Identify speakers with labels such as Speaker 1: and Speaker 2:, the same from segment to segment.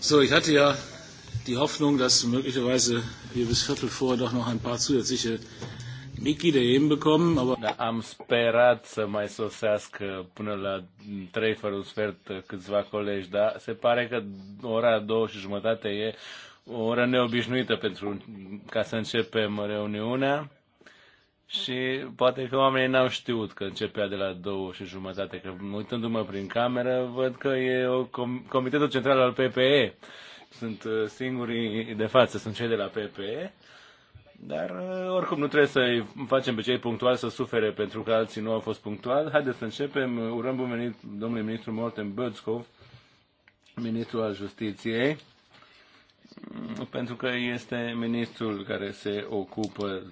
Speaker 1: So, ich hatte ja die Hoffnung, dass möglicherweise wir bis Viertel vor doch noch ein paar zusätzliche Mitglieder eben bekommen, aber... Da, am sperat să mai sosească până la 3 fără un sfert câțiva colegi, dar se pare că ora 2 și jumătate e o oră neobișnuită pentru ca să începem reuniunea. Și poate că oamenii n-au știut că începea de la două și jumătate, că uitându-mă prin cameră, văd că e o com- Comitetul Central al PPE. Sunt uh, singurii de față, sunt cei de la PPE. Dar uh, oricum nu trebuie să-i facem pe cei punctuali să sufere pentru că alții nu au fost punctuali. Haideți să începem. Urăm bun venit domnului ministru Morten Bățcov, ministrul al justiției pentru că este ministrul care se ocupă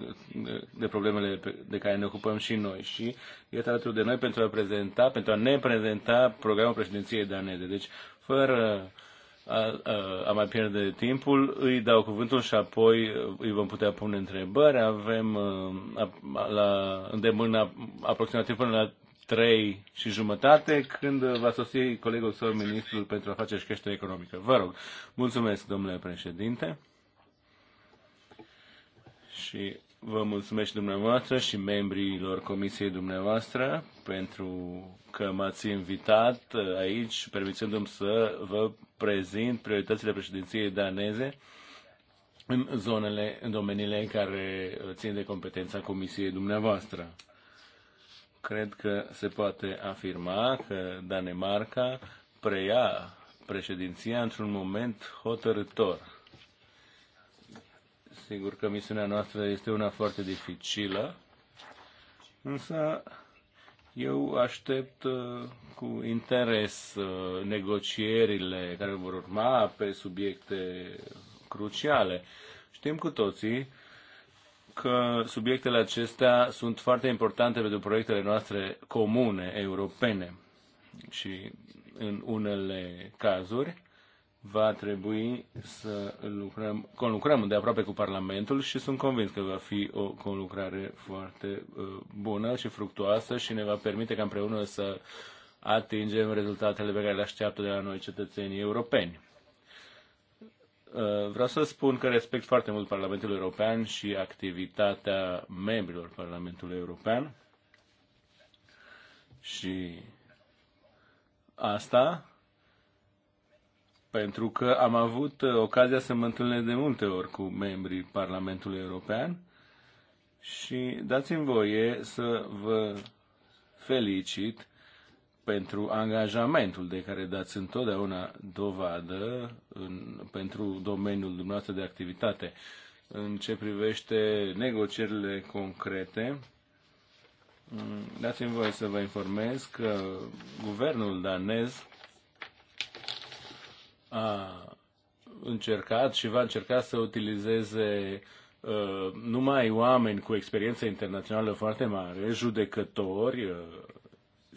Speaker 1: de problemele de care ne ocupăm și noi și este alături de noi pentru a prezenta, pentru a ne prezenta programul președinției daneze. Deci, fără a, a, a mai pierde timpul, îi dau cuvântul și apoi îi vom putea pune întrebări. Avem a, la îndemână aproximativ până la trei și jumătate, când va sosi colegul său, ministrul pentru afaceri și creștere economică. Vă rog. Mulțumesc, domnule președinte. Și vă mulțumesc dumneavoastră și membrilor comisiei dumneavoastră pentru că m-ați invitat aici, permițându-mi să vă prezint prioritățile președinției daneze în zonele, în domeniile în care țin de competența comisiei dumneavoastră cred că se poate afirma că Danemarca preia președinția într-un moment hotărător. Sigur că misiunea noastră este una foarte dificilă, însă eu aștept uh, cu interes uh, negocierile care vor urma pe subiecte cruciale. Știm cu toții că subiectele acestea sunt foarte importante pentru proiectele noastre comune, europene. Și în unele cazuri va trebui să lucrăm, conlucrăm de aproape cu Parlamentul și sunt convins că va fi o conlucrare foarte uh, bună și fructuoasă și ne va permite ca împreună să atingem rezultatele pe care le așteaptă de la noi cetățenii europeni. Uh, vreau să spun că respect foarte mult Parlamentul European și activitatea membrilor Parlamentului European și asta pentru că am avut uh, ocazia să mă întâlnesc de multe ori cu membrii Parlamentului European și dați-mi voie să vă felicit pentru angajamentul de care dați întotdeauna dovadă în, pentru domeniul dumneavoastră de activitate. În ce privește negocierile concrete, mm, dați-mi voie să vă informez că guvernul danez a încercat și va încerca să utilizeze uh, numai oameni cu experiență internațională foarte mare, judecători, uh,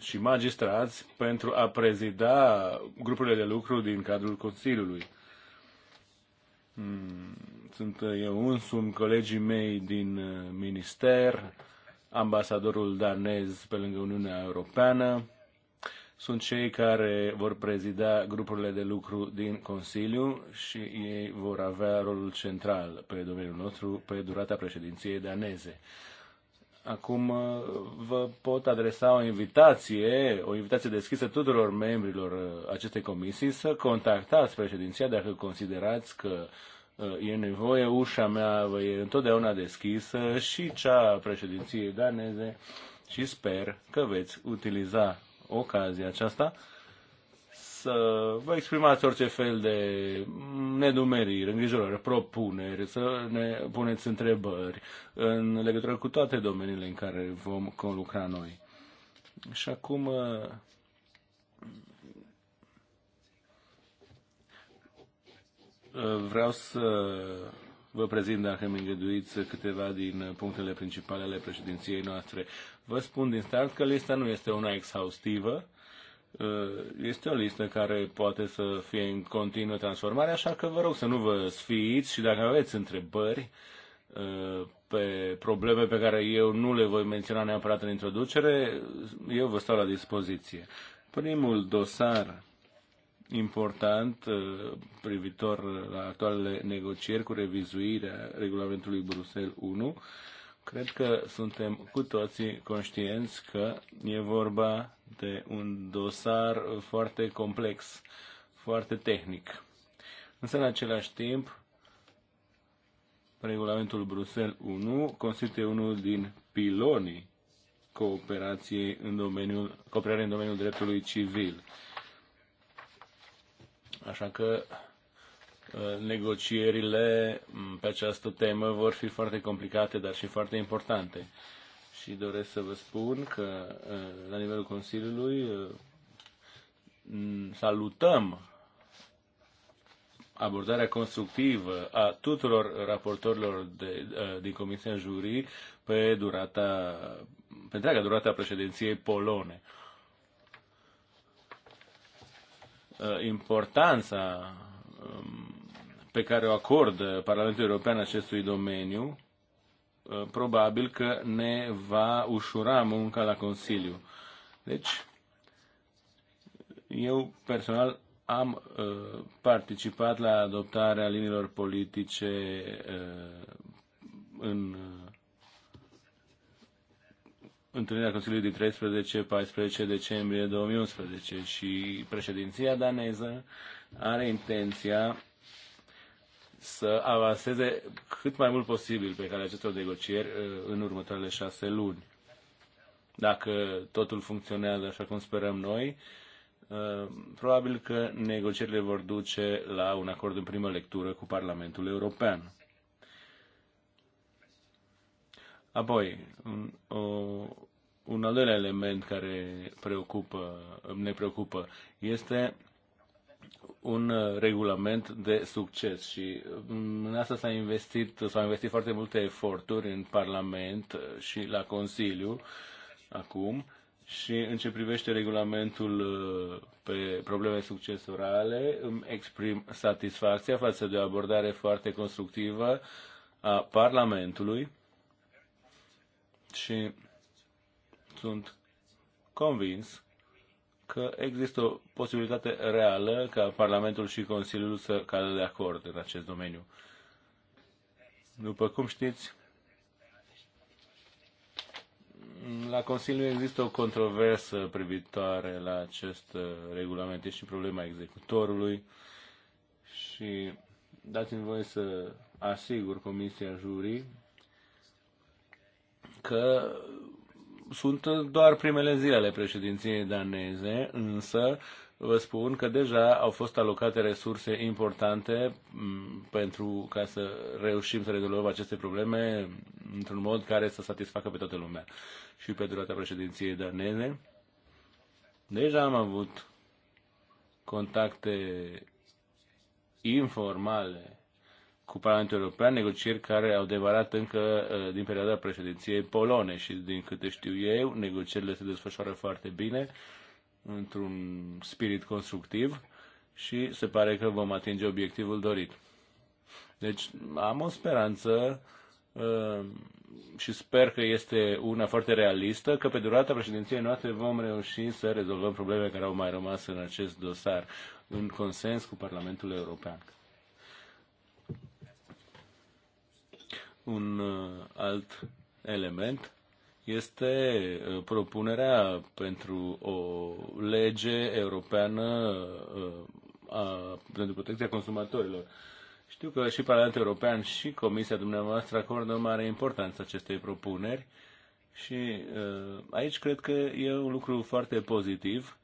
Speaker 1: și magistrați pentru a prezida grupurile de lucru din cadrul Consiliului. Hmm, sunt uh, eu însumi, colegii mei din uh, minister, ambasadorul danez pe lângă Uniunea Europeană, sunt cei care vor prezida grupurile de lucru din Consiliu și ei vor avea rolul central pe domeniul nostru pe durata președinției daneze. Acum uh, vă pot adresa o invitație, o invitație deschisă tuturor membrilor uh, acestei comisii să contactați președinția dacă considerați că uh, e nevoie. Ușa mea vă e întotdeauna deschisă și cea a președinției daneze și sper că veți utiliza ocazia aceasta să vă exprimați orice fel de nedumeriri, îngrijorări, propuneri, să ne puneți întrebări în legătură cu toate domeniile în care vom lucra noi. Și acum uh, vreau să vă prezint, dacă mi îngăduiți, câteva din punctele principale ale președinției noastre. Vă spun din start că lista nu este una exhaustivă, Uh, este o listă care poate să fie în continuă transformare, așa că vă rog să nu vă sfiiți și dacă aveți întrebări uh, pe probleme pe care eu nu le voi menționa neapărat în introducere, eu vă stau la dispoziție. Primul dosar important uh, privitor la actualele negocieri cu revizuirea regulamentului Bruxelles 1 Cred că suntem cu toții conștienți că e vorba de un dosar foarte complex, foarte tehnic. Însă, în același timp, regulamentul Bruxelles 1 constituie unul din pilonii cooperației în domeniul, cooperare în domeniul dreptului civil. Așa că negocierile mm, pe această temă vor fi foarte complicate, dar și foarte importante. Și doresc să vă spun că la nivelul Consiliului mm, salutăm abordarea constructivă a tuturor raportorilor de, din Comisia Jurii pe durata, pe întreaga durata președinției polone. Importanța pe care o acordă Parlamentul European acestui domeniu, uh, probabil că ne va ușura munca la Consiliu. Deci, eu personal am uh, participat la adoptarea liniilor politice uh, în întâlnirea Consiliului din 13-14 decembrie 2011 și președinția daneză are intenția să avanseze cât mai mult posibil pe care acestor negocieri uh, în următoarele șase luni. Dacă totul funcționează așa cum sperăm noi, uh, probabil că negocierile vor duce la un acord în primă lectură cu Parlamentul European. Apoi, un, o, un al doilea element care preocupă, ne preocupă este un uh, regulament de succes și uh, în asta s-a investit, s-au investit foarte multe eforturi în Parlament uh, și la Consiliu acum și în ce privește regulamentul pe probleme succesorale, îmi exprim satisfacția față de o abordare foarte constructivă a Parlamentului și sunt convins că există o posibilitate reală ca Parlamentul și Consiliul să cadă de acord în acest domeniu. După cum știți, la Consiliu există o controversă privitoare la acest uh, regulament. și problema executorului și dați-mi voi să asigur Comisia Jurii că sunt doar primele zile ale președinției daneze, însă vă spun că deja au fost alocate resurse importante pentru ca să reușim să rezolvăm aceste probleme într-un mod care să satisfacă pe toată lumea și pe durata președinției daneze. Deja am avut contacte informale cu Parlamentul European, negocieri care au devarat încă uh, din perioada președinției polone și din câte știu eu, negocierile se desfășoară foarte bine, într-un spirit constructiv și se pare că vom atinge obiectivul dorit. Deci am o speranță uh, și sper că este una foarte realistă, că pe durata președinției noastre vom reuși să rezolvăm problemele care au mai rămas în acest dosar în consens cu Parlamentul European. Un uh, alt element este uh, propunerea pentru o lege europeană uh, a, pentru protecția consumatorilor. Știu că și Parlamentul European și Comisia dumneavoastră acordă o mare importanță acestei propuneri și aici cred că e un lucru foarte pozitiv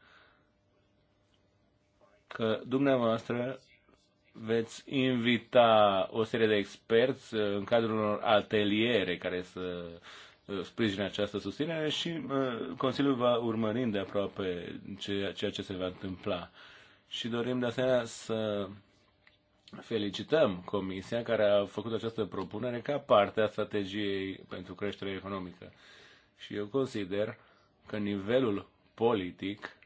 Speaker 1: că dumneavoastră veți invita o serie de experți uh, în cadrul unor ateliere care să uh, sprijine această susținere și uh, Consiliul va urmări de aproape ceea ce se va întâmpla. Și dorim de asemenea să felicităm Comisia care a făcut această propunere ca parte a strategiei pentru creștere economică. Și eu consider că nivelul politic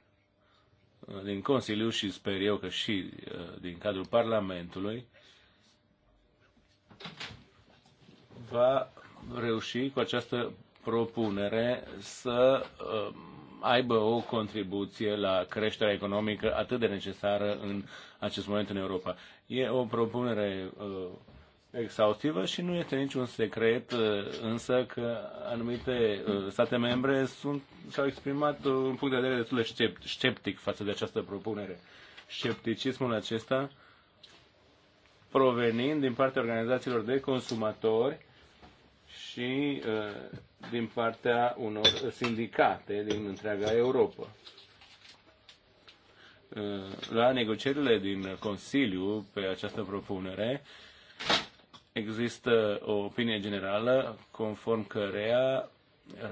Speaker 1: din Consiliu și sper eu că și uh, din cadrul Parlamentului va reuși cu această propunere să uh, aibă o contribuție la creșterea economică atât de necesară în acest moment în Europa. E o propunere uh, exhaustivă și nu este niciun secret uh, însă că anumite uh, state membre sunt, și-au exprimat uh, un punct de vedere destul de scept, sceptic față de această propunere. Scepticismul acesta provenind din partea organizațiilor de consumatori și din partea unor sindicate din întreaga Europa la negocierile din Consiliu pe această propunere, există o opinie generală conform cărea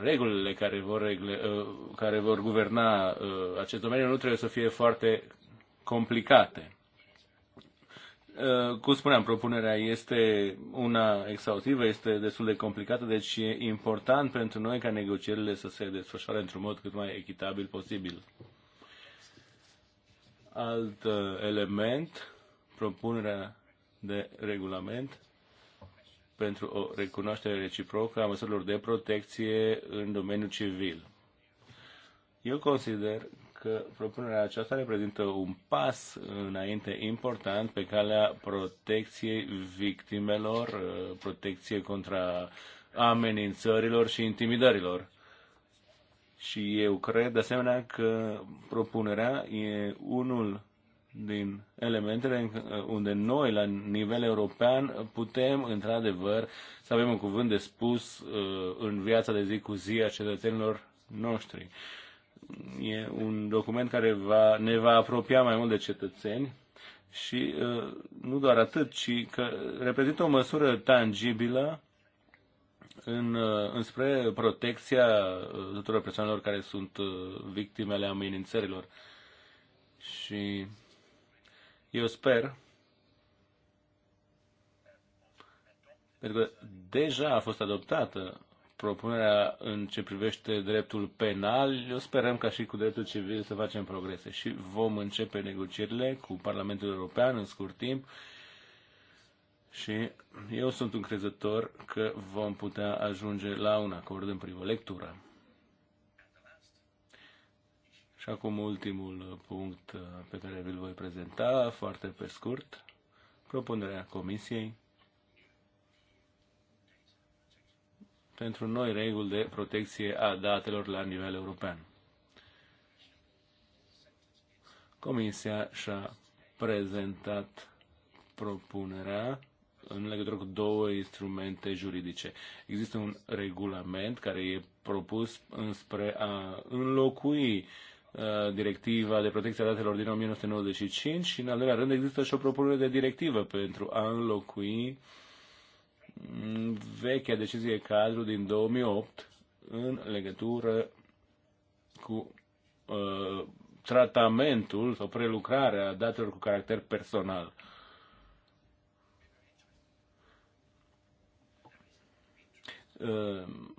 Speaker 1: regulile care vor, regle, uh, care vor guverna uh, acest domeniu nu trebuie să fie foarte complicate. Uh, cum spuneam, propunerea este una exhaustivă, este destul de complicată, deci e important pentru noi ca negocierile să se desfășoare într-un mod cât mai echitabil posibil. Alt element, propunerea de regulament pentru o recunoaștere reciprocă a măsurilor de protecție în domeniul civil. Eu consider că propunerea aceasta reprezintă un pas înainte important pe calea protecției victimelor, protecție contra amenințărilor și intimidărilor. Și eu cred, de asemenea, că propunerea e unul din elementele uh, unde noi, la nivel european, putem, într-adevăr, să avem un cuvânt de spus uh, în viața de zi cu zi a cetățenilor noștri. E un document care va, ne va apropia mai mult de cetățeni și uh, nu doar atât, ci că reprezintă o măsură tangibilă în, înspre protecția tuturor persoanelor care sunt victimele amenințărilor. Și eu sper, pentru că deja a fost adoptată propunerea în ce privește dreptul penal, eu sperăm ca și cu dreptul civil să facem progrese și vom începe negocierile cu Parlamentul European în scurt timp și eu sunt încrezător că vom putea ajunge la un acord în primă lectură. Și acum ultimul uh, punct uh, pe care vi-l voi prezenta, foarte pe scurt, propunerea Comisiei pentru noi reguli de protecție a datelor la nivel european. Comisia și-a prezentat propunerea în legătură cu două instrumente juridice. Există un regulament care e propus înspre a înlocui uh, Uh, directiva de protecție a datelor din 1995 și, în al doilea rând, există și o propunere de directivă pentru a înlocui vechea decizie cadru din 2008 în legătură cu uh, tratamentul sau prelucrarea datelor cu caracter personal.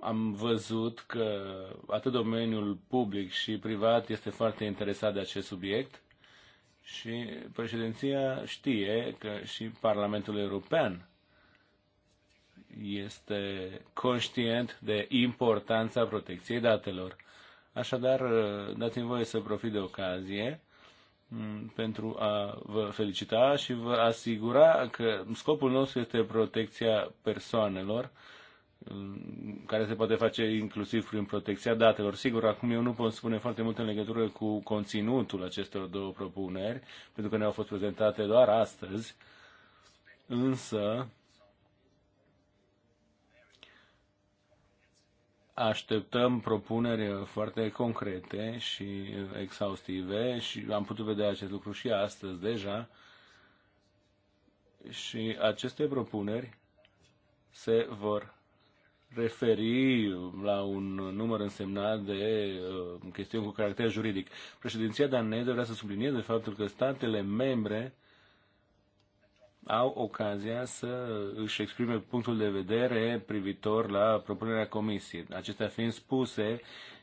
Speaker 1: am văzut că atât domeniul public și privat este foarte interesat de acest subiect și președinția știe că și Parlamentul European este conștient de importanța protecției datelor. Așadar, dați-mi voie să profit de ocazie mm, pentru a vă felicita și vă asigura că scopul nostru este protecția persoanelor Mm, care se poate face inclusiv prin protecția datelor. Sigur, acum eu nu pot spune foarte mult în legătură cu conținutul acestor două propuneri, pentru că ne-au fost prezentate doar astăzi, însă așteptăm propuneri foarte concrete și exhaustive și am putut vedea acest lucru și astăzi deja. Și aceste propuneri se vor referi um, la un număr însemnat de uh, chestiuni cu caracter juridic. Președinția daneză vrea să sublinieze faptul că statele membre au ocazia să își exprime punctul de vedere privitor la propunerea comisiei. Acestea fiind spuse,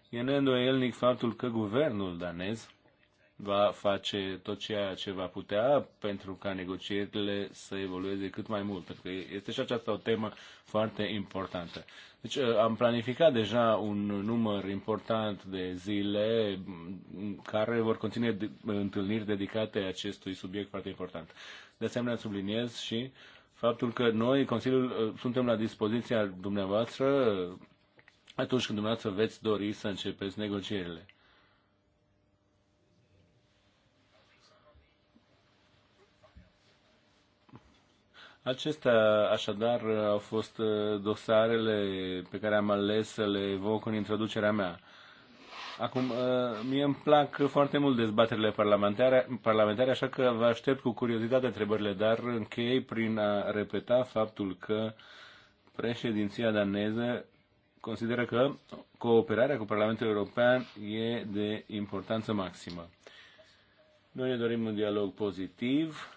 Speaker 1: e neîndoielnic faptul că guvernul danez va face tot ceea ce va putea pentru ca negocierile să evolueze cât mai mult, pentru că este și aceasta o temă foarte importantă. Deci uh, am planificat deja un număr important de zile mm, care vor conține întâlniri dedicate acestui subiect foarte important. De asemenea, subliniez și faptul că noi, Consiliul, uh, suntem la dispoziția dumneavoastră uh, atunci când dumneavoastră veți dori să începeți negocierile. Acestea, așadar, au fost uh, dosarele pe care am ales să le evoc în introducerea mea. Acum, uh, mie îmi plac foarte mult dezbaterile parlamentare, parlamentare, așa că vă aștept cu curiozitate întrebările, dar închei prin a repeta faptul că președinția daneză consideră că cooperarea cu Parlamentul European e de importanță maximă. Noi ne dorim un dialog pozitiv,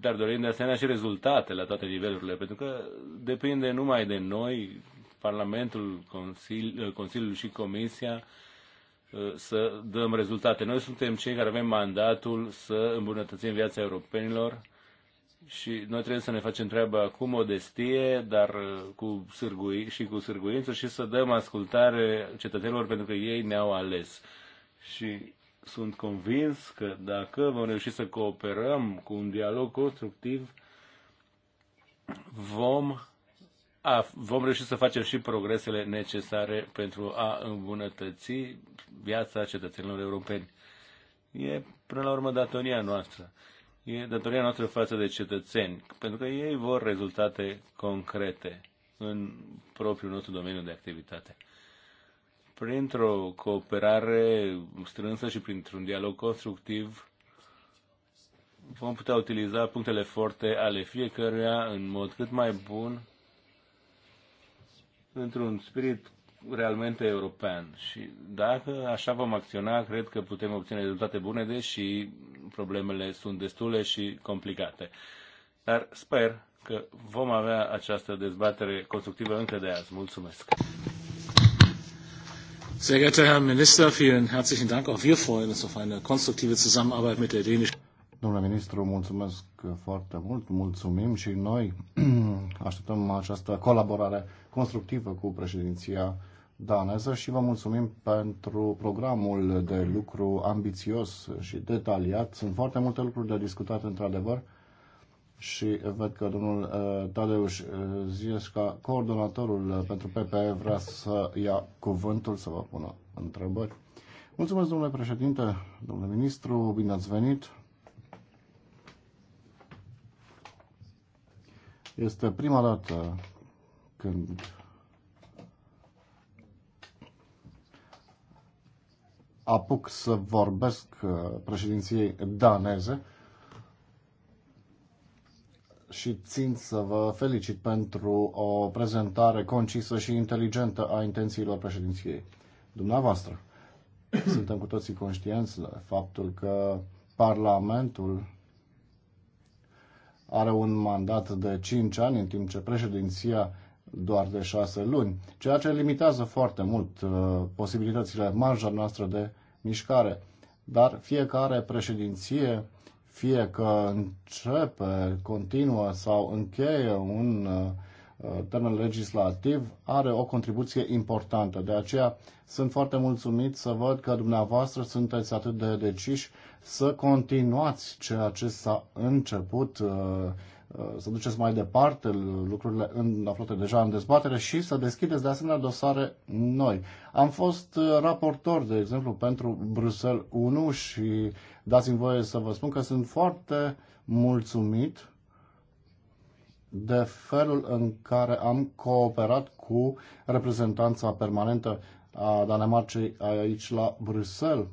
Speaker 1: dar dorim de asemenea și rezultate la toate nivelurile, pentru că depinde numai de noi, Parlamentul, Consiliul, Consiliul și Comisia, uh, să dăm rezultate. Noi suntem cei care avem mandatul să îmbunătățim viața europenilor și noi trebuie să ne facem treaba cu modestie, dar uh, cu sârgui, și cu sârguință și să dăm ascultare cetățenilor pentru că ei ne-au ales. Și sunt convins că dacă vom reuși să cooperăm cu un dialog constructiv, vom, a, vom reuși să facem și progresele necesare pentru a îmbunătăți viața cetățenilor europeni. E, până la urmă, datoria noastră. E datoria noastră față de cetățeni, pentru că ei vor rezultate concrete în propriul nostru domeniu de activitate printr-o cooperare strânsă și printr-un dialog constructiv vom putea utiliza punctele forte ale fiecăruia în mod cât mai bun, într-un spirit realmente european. Și dacă așa vom acționa, cred că putem obține rezultate bune, deși problemele sunt destule și complicate. Dar sper că vom avea această dezbatere constructivă încă de azi. Mulțumesc!
Speaker 2: Sehr geehrter Herr Minister, vielen herzlichen Dank. Auch wir freuen uns auf eine konstruktive Zusammenarbeit mit der dänischen. Domnule ministru, mulțumesc foarte mult, mulțumim și noi așteptăm această colaborare constructivă cu președinția daneză și vă mulțumim pentru programul de lucru ambițios și detaliat. Sunt foarte multe lucruri de discutat, într-adevăr și văd că domnul uh, Tadeuș uh, Ziesca, coordonatorul uh, pentru PPE, vrea să ia cuvântul, să vă pună întrebări. Mulțumesc, domnule președinte, domnule ministru, bine ați venit. Este prima dată când apuc să vorbesc uh, președinției daneze și țin să vă felicit pentru o prezentare concisă și inteligentă a intențiilor președinției dumneavoastră. Suntem cu toții conștienți de faptul că Parlamentul are un mandat de 5 ani, în timp ce președinția doar de 6 luni, ceea ce limitează foarte mult uh, posibilitățile, marja noastră de mișcare. Dar fiecare președinție fie că începe, continuă sau încheie un uh, termen legislativ, are o contribuție importantă. De aceea sunt foarte mulțumit să văd că dumneavoastră sunteți atât de deciși să continuați ceea ce s-a început uh, Uh, să duceți mai departe lucrurile în, aflate deja în dezbatere și să deschideți de asemenea dosare noi. Am fost uh, raportor, de exemplu, pentru Bruxelles 1 și dați-mi voie să vă spun că sunt foarte mulțumit de felul în care am cooperat cu reprezentanța permanentă a Danemarcei aici la Bruxelles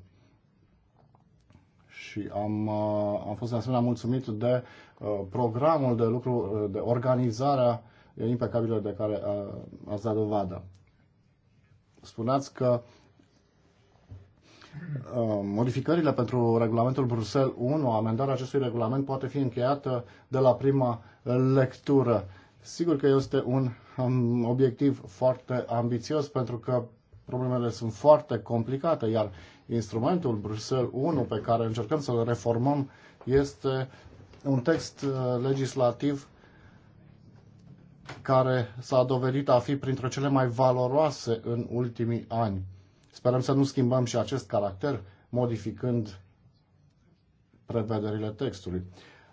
Speaker 2: și am, uh, am fost de asemenea mulțumit de Uh, programul de lucru, uh, de organizarea impecabilă de care uh, ați dat dovadă. Spuneați că modificările pentru regulamentul Bruxelles 1, amendarea acestui regulament poate fi încheiată de la prima lectură. Sigur că este un um, obiectiv foarte ambițios pentru că problemele sunt foarte complicate, iar instrumentul Bruxelles 1 pe care încercăm să-l reformăm este un text uh, legislativ care s-a dovedit a fi printre cele mai valoroase în ultimii ani. Sperăm să nu schimbăm și acest caracter, modificând prevederile textului.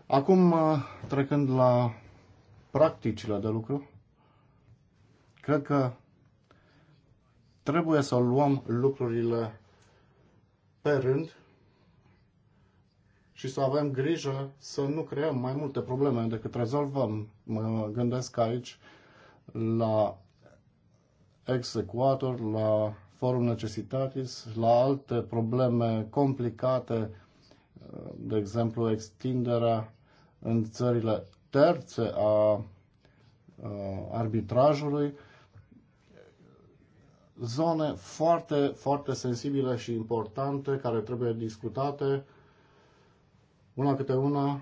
Speaker 2: Acum, uh, trecând la practicile de lucru, cred că trebuie să luăm lucrurile pe rând și să avem grijă să nu creăm mai multe probleme decât rezolvăm. Mă gândesc aici la execuator, la forum necessitatis, la alte probleme complicate, de exemplu extinderea în țările terțe a arbitrajului, zone foarte, foarte sensibile și importante care trebuie discutate una câte una,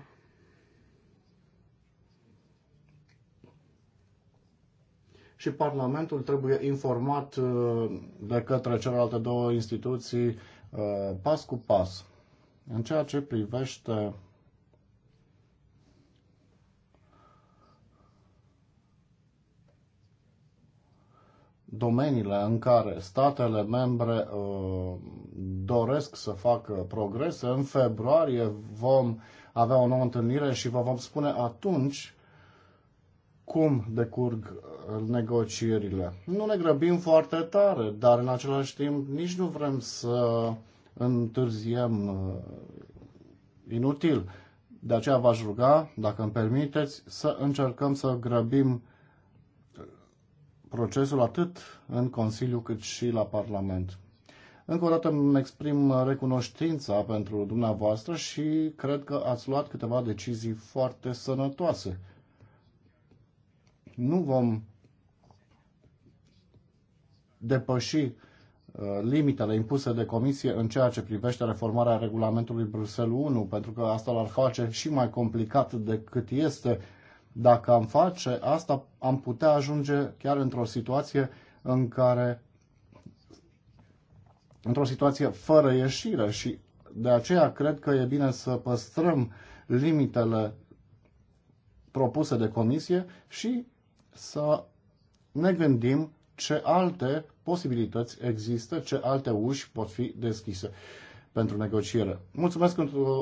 Speaker 2: și Parlamentul trebuie informat uh, de către celelalte două instituții uh, pas cu pas. În ceea ce privește domeniile în care statele membre uh, doresc să facă progrese. În februarie vom avea o nouă întâlnire și vă vom spune atunci cum decurg uh, negocierile. Nu ne grăbim foarte tare, dar în același timp nici nu vrem să întârziem uh, inutil. De aceea v-aș ruga, dacă îmi permiteți, să încercăm să grăbim procesul atât în Consiliu cât și la Parlament. Încă o dată îmi exprim recunoștința pentru dumneavoastră și cred că ați luat câteva decizii foarte sănătoase. Nu vom depăși uh, limitele impuse de comisie în ceea ce privește reformarea regulamentului Bruxelles 1, pentru că asta l-ar face și mai complicat decât este dacă am face asta, am putea ajunge chiar într-o situație în care într-o situație fără ieșire și de aceea cred că e bine să păstrăm limitele propuse de comisie și să ne gândim ce alte posibilități există, ce alte uși pot fi deschise pentru negociere. Mulțumesc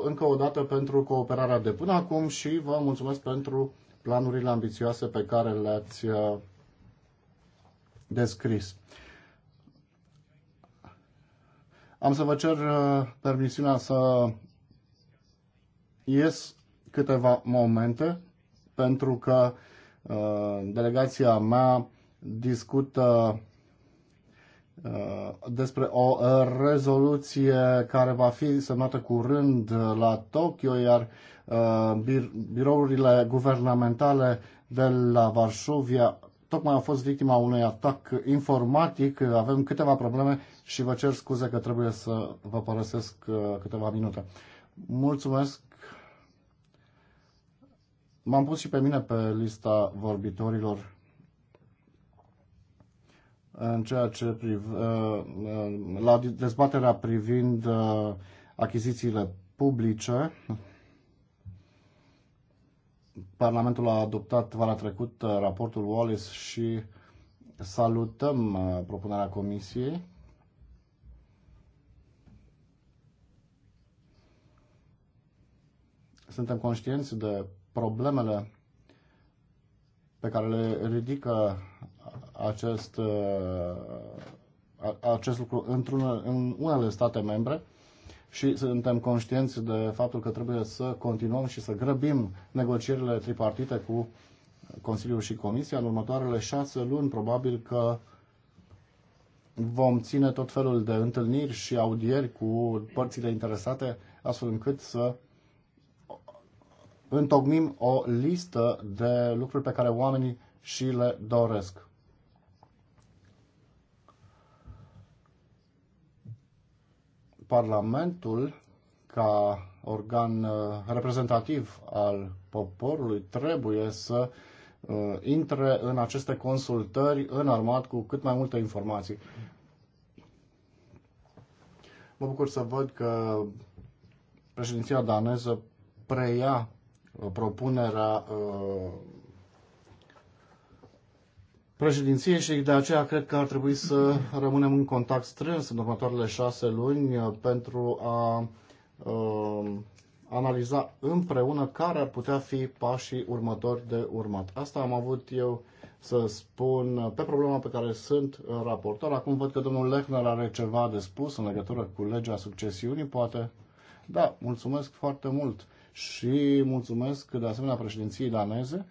Speaker 2: încă o dată pentru cooperarea de până acum și vă mulțumesc pentru planurile ambițioase pe care le-ați uh, descris. Am să vă cer uh, permisiunea să ies câteva momente pentru că uh, delegația mea discută despre o rezoluție care va fi semnată curând la Tokyo, iar Uh, bir, birourile guvernamentale de la Varșovia tocmai au fost victima unui atac informatic. Avem câteva probleme și vă cer scuze că trebuie să vă părăsesc uh, câteva minute. Mulțumesc! M-am pus și pe mine pe lista vorbitorilor în ceea ce priv, uh, la dezbaterea privind achizițiile publice. Parlamentul a adoptat vara trecut raportul Wallace și salutăm uh, propunerea Comisiei. Suntem conștienți de problemele pe care le ridică acest, uh, acest lucru într-un, în state membre și suntem conștienți de faptul că trebuie să continuăm și să grăbim negocierile tripartite cu Consiliul și Comisia. În următoarele șase luni, probabil că vom ține tot felul de întâlniri și audieri cu părțile interesate, astfel încât să întocmim o listă de lucruri pe care oamenii și le doresc. Parlamentul, ca organ uh, reprezentativ al poporului, trebuie să uh, intre în aceste consultări înarmat cu cât mai multe informații. Mă bucur să văd că președinția daneză preia uh, propunerea președinție și de aceea cred că ar trebui să rămânem în contact strâns în următoarele șase luni uh, pentru a uh, analiza împreună care ar putea fi pașii următori de urmat. Asta am avut eu să spun pe problema pe care sunt uh, raportor. Acum văd că domnul Lechner are ceva de spus în legătură cu legea succesiunii, poate. Da, mulțumesc foarte mult și mulțumesc de asemenea președinției daneze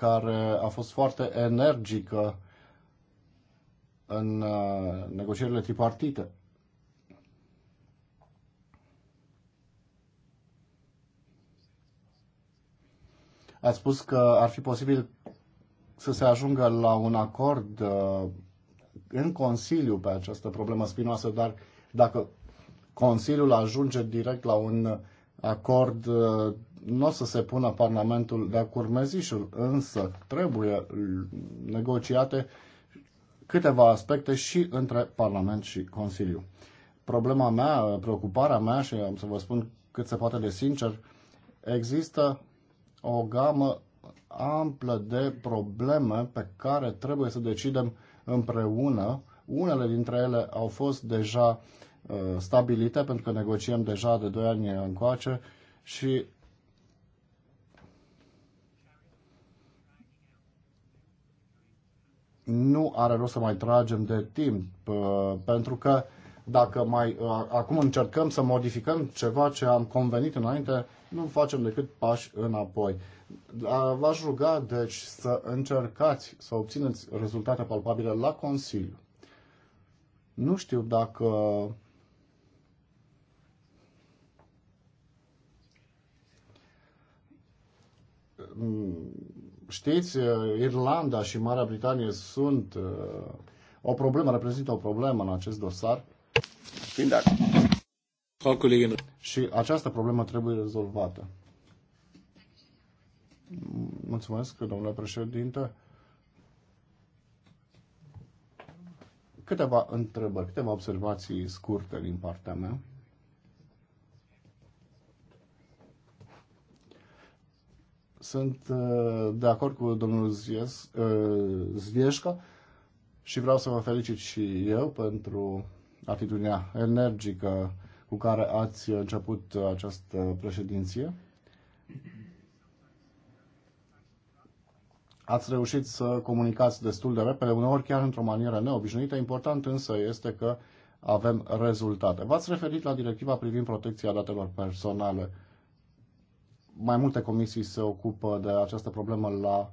Speaker 2: care a fost foarte energică în uh, negocierile tripartite. A spus că ar fi posibil să se ajungă la un acord uh, în Consiliu pe această problemă spinoasă, dar dacă Consiliul ajunge direct la un acord uh, nu o să se pună Parlamentul de-a curmezișul, însă trebuie negociate câteva aspecte și între Parlament și Consiliu. Problema mea, preocuparea mea și am să vă spun cât se poate de sincer, există o gamă amplă de probleme pe care trebuie să decidem împreună. Unele dintre ele au fost deja uh, stabilite pentru că negociem deja de 2 ani încoace și nu are rost să mai tragem de timp, uh, pentru că dacă mai uh, acum încercăm să modificăm ceva ce am convenit înainte, nu facem decât pași înapoi. Uh, v-aș ruga, deci, să încercați să obțineți rezultate palpabile la Consiliu. Nu știu dacă știți, uh, Irlanda și Marea Britanie sunt uh, o problemă, reprezintă o problemă în acest dosar. Fiind Și această problemă trebuie rezolvată. Mulțumesc, domnule președinte. Câteva întrebări, câteva observații scurte din partea mea. Sunt uh, de acord cu domnul uh, Zvieșca și vreau să vă felicit și eu pentru atitudinea energică cu care ați început această președinție. Ați reușit să comunicați destul de repede, uneori chiar într-o manieră neobișnuită. Important însă este că avem rezultate. V-ați referit la directiva privind protecția datelor personale mai multe comisii se ocupă de această problemă la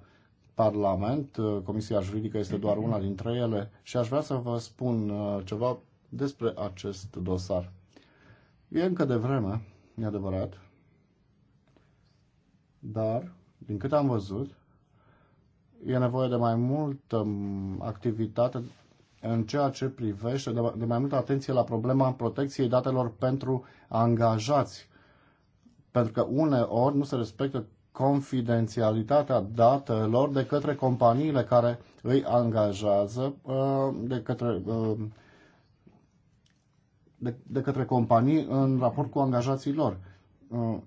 Speaker 2: Parlament. Comisia juridică este doar una dintre ele și aș vrea să vă spun uh, ceva despre acest dosar. E încă de vreme, e adevărat, dar, din câte am văzut, e nevoie de mai multă activitate în ceea ce privește, de mai multă atenție la problema protecției datelor pentru angajați pentru că uneori nu se respectă confidențialitatea datelor de către companiile care îi angajează, uh, de către, uh, de, de către companii în raport cu angajații lor. Uh,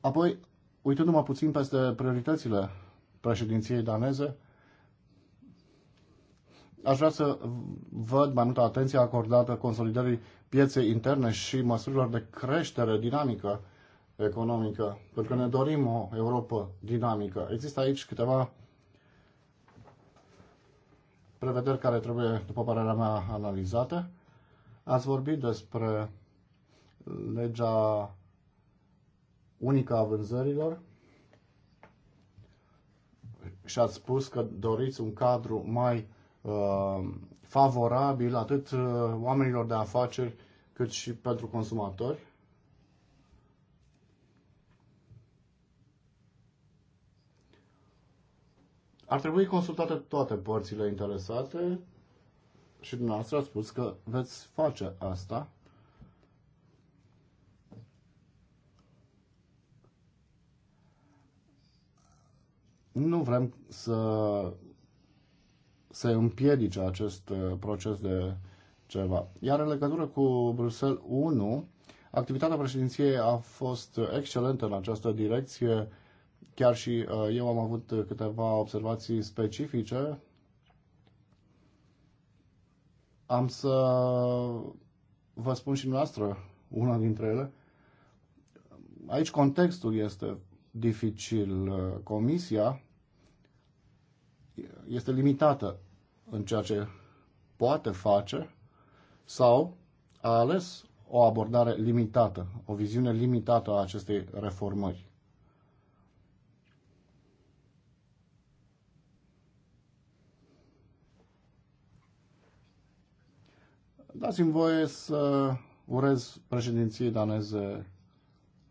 Speaker 2: Apoi, uitându-mă puțin peste prioritățile președinției daneze, Aș vrea să văd mai multă atenție acordată consolidării pieței interne și măsurilor de creștere dinamică economică, pentru că ne dorim o Europa dinamică. Există aici câteva prevederi care trebuie, după părerea mea, analizate. Ați vorbit despre legea unică a vânzărilor și ați spus că doriți un cadru mai Uh, favorabil atât uh, oamenilor de afaceri cât și pentru consumatori. Ar trebui consultate toate părțile interesate și dumneavoastră ați spus că veți face asta. Nu vrem să să împiedice acest uh, proces de ceva. Iar în legătură cu Bruxelles 1, activitatea președinției a fost excelentă în această direcție. Chiar și uh, eu am avut câteva observații specifice. Am să vă spun și noastră una dintre ele. Aici contextul este dificil. Comisia este limitată în ceea ce poate face sau a ales o abordare limitată, o viziune limitată a acestei reformări. Dați-mi voie să urez președinției daneze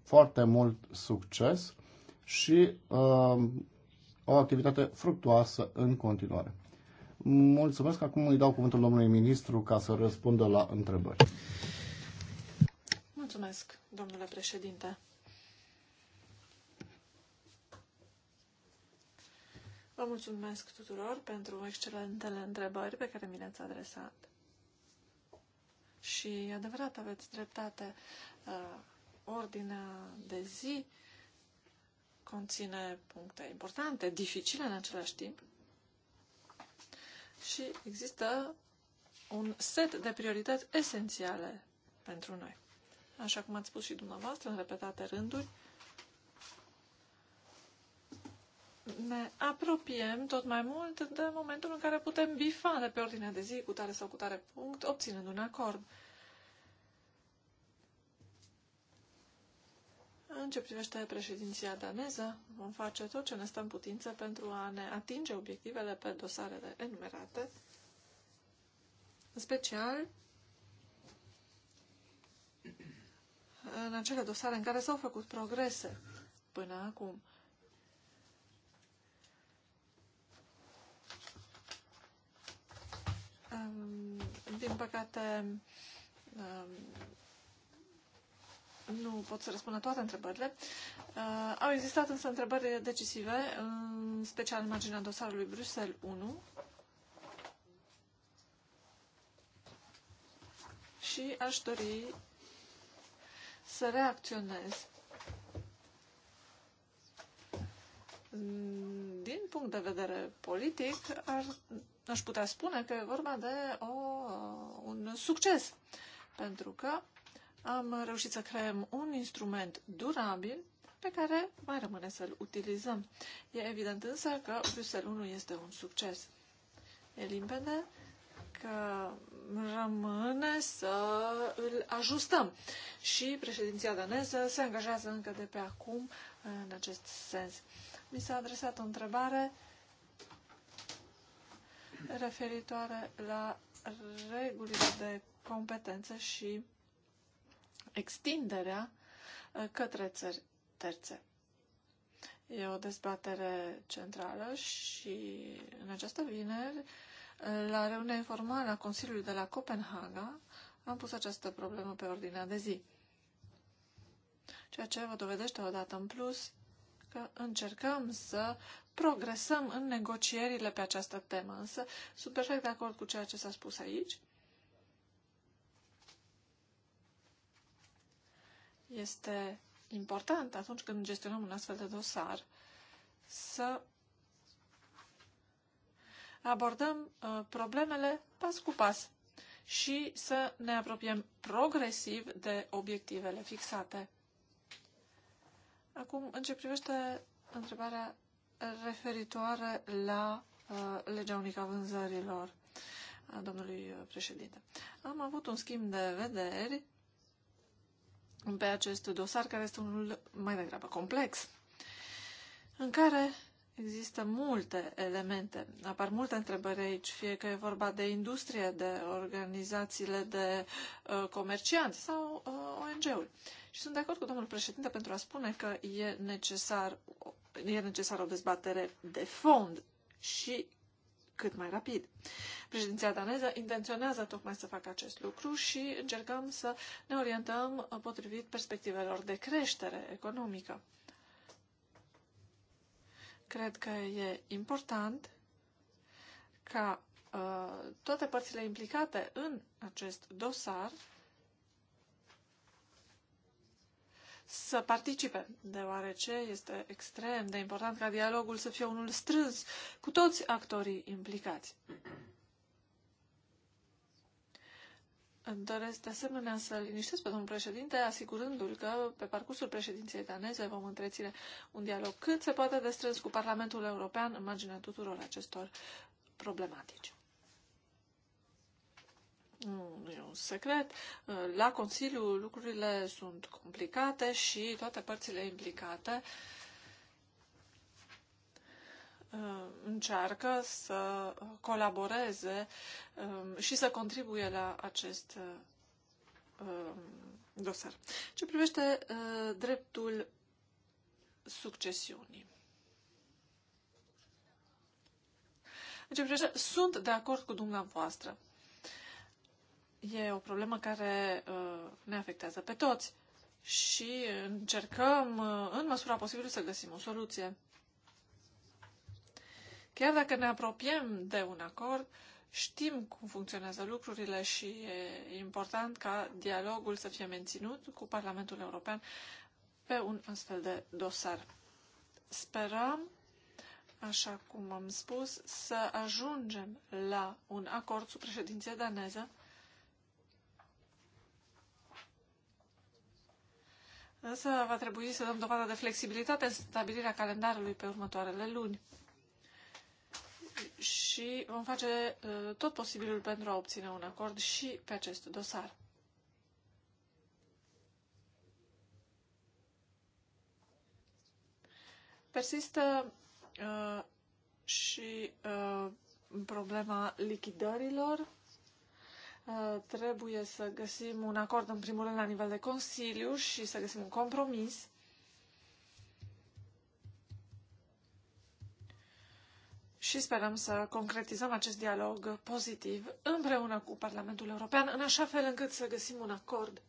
Speaker 2: foarte mult succes și uh, o activitate fructuoasă în continuare. Mulțumesc. Acum îi dau cuvântul domnului ministru ca să răspundă la întrebări.
Speaker 3: Mulțumesc, domnule președinte. Vă mulțumesc tuturor pentru excelentele întrebări pe care mi le-ați adresat. Și adevărat aveți dreptate. Uh, ordinea de zi conține puncte importante, dificile în același timp, și există un set de priorități esențiale pentru noi. Așa cum ați spus și dumneavoastră în repetate rânduri, ne apropiem tot mai mult de momentul în care putem bifa de pe ordinea de zi cu tare sau cu tare punct, obținând un acord. În ce privește președinția daneză, vom face tot ce ne stă în putință pentru a ne atinge obiectivele pe dosarele enumerate, în special în acele dosare în care s-au făcut progrese până acum. Din păcate, nu pot să răspund la toate întrebările. Uh, au existat însă întrebări decisive, în special în marginea dosarului Bruxelles 1. Și aș dori să reacționez din punct de vedere politic, ar, aș putea spune că e vorba de o, un succes, pentru că am reușit să creăm un instrument durabil pe care mai rămâne să-l utilizăm. E evident însă că Bruxelles 1 este un succes. E limpede că rămâne să îl ajustăm. Și președinția daneză se angajează încă de pe acum în acest sens. Mi s-a adresat o întrebare referitoare la regulile de competență și extinderea uh, către țări terțe. E o dezbatere centrală și în această vineri, uh, la reunia informală a Consiliului de la Copenhaga, am pus această problemă pe ordinea de zi. Ceea ce vă dovedește o dată în plus că încercăm să progresăm în negocierile pe această temă, însă sunt perfect de acord cu ceea ce s-a spus aici Este important atunci când gestionăm un astfel de dosar să abordăm uh, problemele pas cu pas și să ne apropiem progresiv de obiectivele fixate. Acum, în ce privește întrebarea referitoare la uh, legea unică a vânzărilor a domnului uh, președinte. Am avut un schimb de vederi pe acest dosar, care este unul mai degrabă complex, în care există multe elemente. Apar multe întrebări aici, fie că e vorba de industrie, de organizațiile de uh, comercianți sau uh, ONG-uri. Și sunt de acord cu domnul președinte pentru a spune că e necesar, e necesar o dezbatere de fond și cât mai rapid. Președinția daneză intenționează tocmai să facă acest lucru și încercăm să ne orientăm potrivit perspectivelor de creștere economică. Cred că e important ca uh, toate părțile implicate în acest dosar să participe, deoarece este extrem de important ca dialogul să fie unul strâns cu toți actorii implicați. Îmi doresc de asemenea să liniștesc pe domnul președinte, asigurându-l că pe parcursul președinției daneze vom întreține un dialog cât se poate de strâns cu Parlamentul European în marginea tuturor acestor problematici nu e un secret, la Consiliu lucrurile sunt complicate și toate părțile implicate uh, încearcă să colaboreze um, și să contribuie la acest um, dosar. Ce privește uh, dreptul succesiunii. ce privește, sunt de acord cu dumneavoastră. E o problemă care uh, ne afectează pe toți și încercăm, uh, în măsura posibilă, să găsim o soluție. Chiar dacă ne apropiem de un acord, știm cum funcționează lucrurile și e important ca dialogul să fie menținut cu Parlamentul European pe un astfel de dosar. Sperăm, așa cum am spus, să ajungem la un acord sub președinție daneză Însă va trebui să dăm dovadă de flexibilitate în stabilirea calendarului pe următoarele luni. Și vom face uh, tot posibilul pentru a obține un acord și pe acest dosar. Persistă uh, și uh, problema lichidărilor Uh, trebuie să găsim un acord, în primul rând, la nivel de Consiliu și să găsim un compromis. Și sperăm să concretizăm acest dialog pozitiv împreună cu Parlamentul European, în așa fel încât să găsim un acord.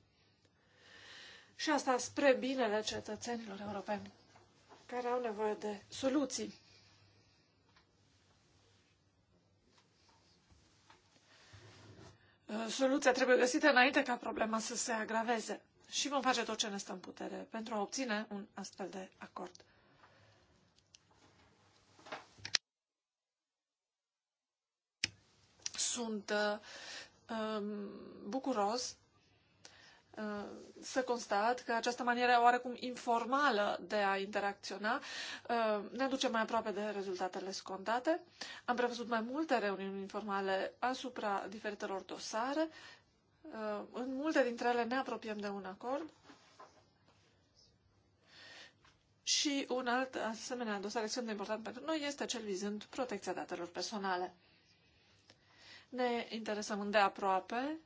Speaker 3: Și asta spre binele cetățenilor europeni, care au nevoie de soluții. Uh, soluția trebuie găsită înainte ca problema să se agraveze și vom face tot ce ne stă în putere pentru a obține un astfel de acord. Sunt uh, um, bucuros Uh, să constat că această manieră oarecum informală de a interacționa uh, ne duce mai aproape de rezultatele scontate. Am prevăzut mai multe reuniuni informale asupra diferitelor dosare. Uh, în multe dintre ele ne apropiem de un acord. Și un alt asemenea dosar extrem de important pentru noi este cel vizând protecția datelor personale. Ne interesăm îndeaproape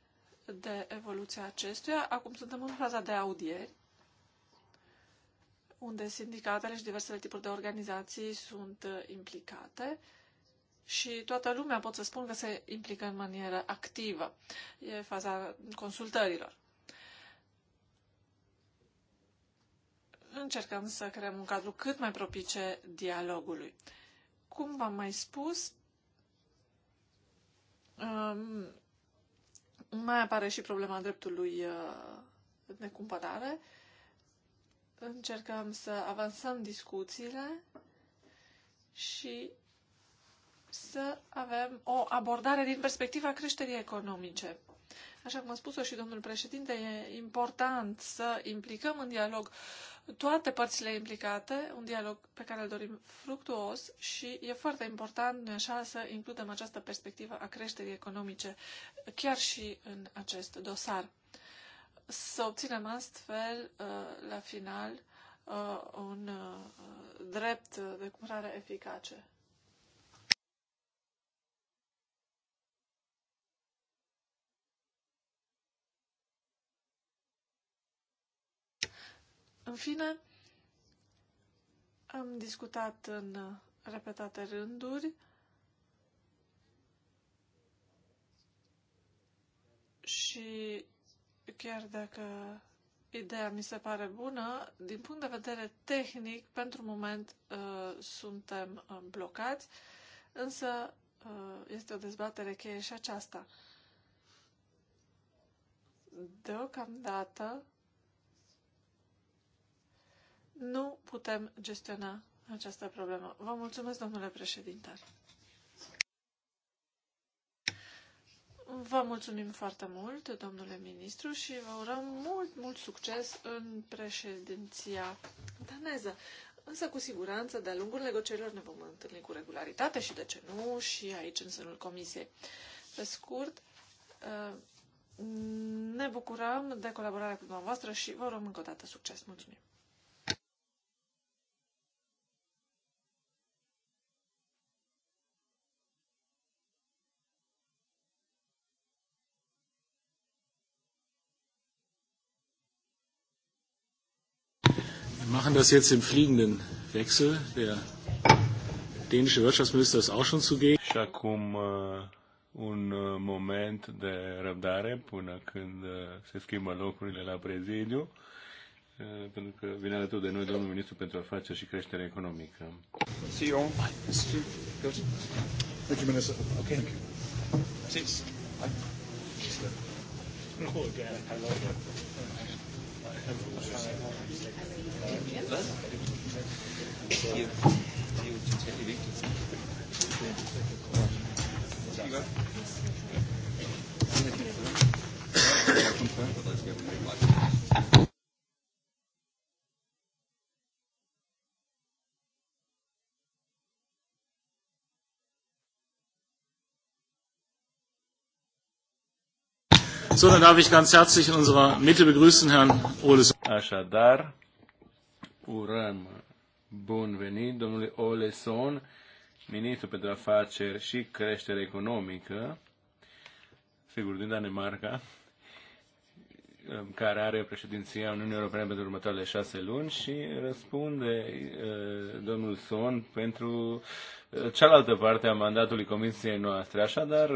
Speaker 3: de evoluția acestuia. Acum suntem în faza de audieri, unde sindicatele și diversele tipuri de organizații sunt uh, implicate și toată lumea pot să spun că se implică în manieră activă. E faza consultărilor. Încercăm să creăm un cadru cât mai propice dialogului. Cum v-am mai spus, um, mai apare și problema dreptului uh, de cumpărare. Încercăm să avansăm discuțiile și să avem o abordare din perspectiva creșterii economice. Așa cum a spus-o și domnul președinte, e important să implicăm în dialog toate părțile implicate, un dialog pe care îl dorim fructuos și e foarte important, nu așa, să includem această perspectivă a creșterii economice chiar și în acest dosar. Să obținem astfel, uh, la final, uh, un uh, drept de cumpărare eficace. În fine, am discutat în repetate rânduri și chiar dacă ideea mi se pare bună, din punct de vedere tehnic, pentru moment uh, suntem uh, blocați, însă uh, este o dezbatere cheie și aceasta. Deocamdată nu putem gestiona această problemă. Vă mulțumesc, domnule președinte. Vă mulțumim foarte mult, domnule ministru, și vă urăm mult, mult succes în președinția daneză. Însă, cu siguranță, de-a lungul negocierilor ne vom întâlni cu regularitate și, de ce nu, și aici, în sânul comisiei. Pe scurt, uh, ne bucurăm de colaborarea cu dumneavoastră și vă urăm încă o dată succes. Mulțumim!
Speaker 1: Wir machen das jetzt im fliegenden Wechsel. Der dänische Wirtschaftsminister ist auch schon zugegen. Și acum uh, un uh, moment de răbdare până când uh, se schimbă locurile la prezidiu, pentru că vine alături de noi domnul ministru pentru afaceri și creștere economică.
Speaker 3: See you all. Thank you, Minister. Okay. Thank you. Six. Bye.
Speaker 1: Cool, yeah. Oh, I love that. So, dann darf ich ganz herzlich in unserer Mitte begrüßen Herrn Ole Așadar, urăm bun venit domnule Oleson, ministru pentru afaceri și creștere economică, sigur, din Danemarca, care are președinția Uniunii Europene pentru următoarele șase luni și răspunde eh, domnul Son pentru uh, cealaltă parte a mandatului comisiei noastre. Așadar,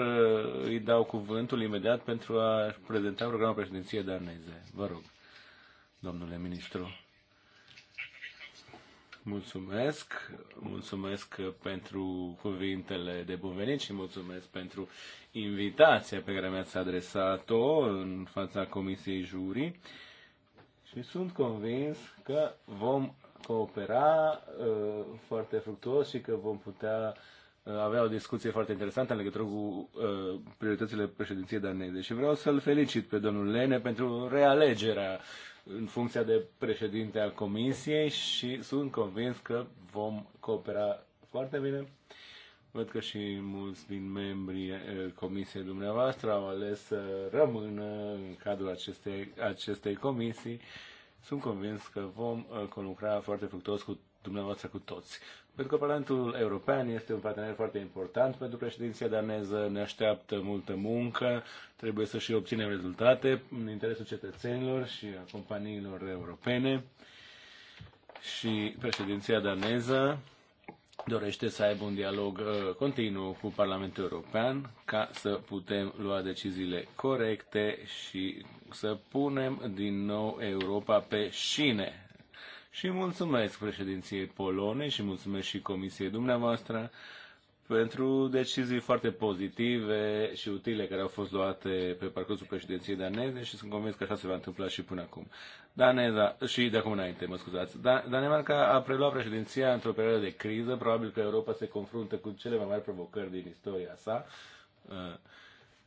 Speaker 1: îi dau cuvântul imediat pentru a prezenta programul președinției daneze. Vă rog, domnule ministru. Mulțumesc, mulțumesc pentru cuvintele de bun venit și mulțumesc pentru invitația pe care mi-ați adresat-o în fața Comisiei Jurii și sunt convins că vom coopera uh, foarte fructuos și că vom putea uh, avea o discuție foarte interesantă în legătură cu uh, prioritățile președinției daneze. Și deci vreau să-l felicit pe domnul Lene pentru realegerea în funcția de președinte al Comisiei și sunt convins că vom coopera foarte bine. Văd că și mulți din membrii comisiei dumneavoastră au ales să rămână în cadrul acestei, acestei comisii sunt convins că vom uh, conlucra foarte fructos cu dumneavoastră cu toți. Pentru că Parlamentul European este un partener foarte important pentru președinția daneză, ne așteaptă multă muncă, trebuie să și obținem rezultate în interesul cetățenilor și a companiilor europene. Și președinția daneză dorește să aibă un dialog uh, continuu cu Parlamentul European ca să putem lua deciziile corecte și să punem din nou Europa pe șine. Și mulțumesc președinției polone și mulțumesc și comisiei dumneavoastră pentru decizii foarte pozitive și utile care au fost luate pe parcursul președinției daneze și sunt convins că așa se va întâmpla și până acum. Daneza, și de acum înainte, mă scuzați. Da, Danemarca a preluat președinția într-o perioadă de criză, probabil că Europa se confruntă cu cele mai mari provocări din istoria sa uh,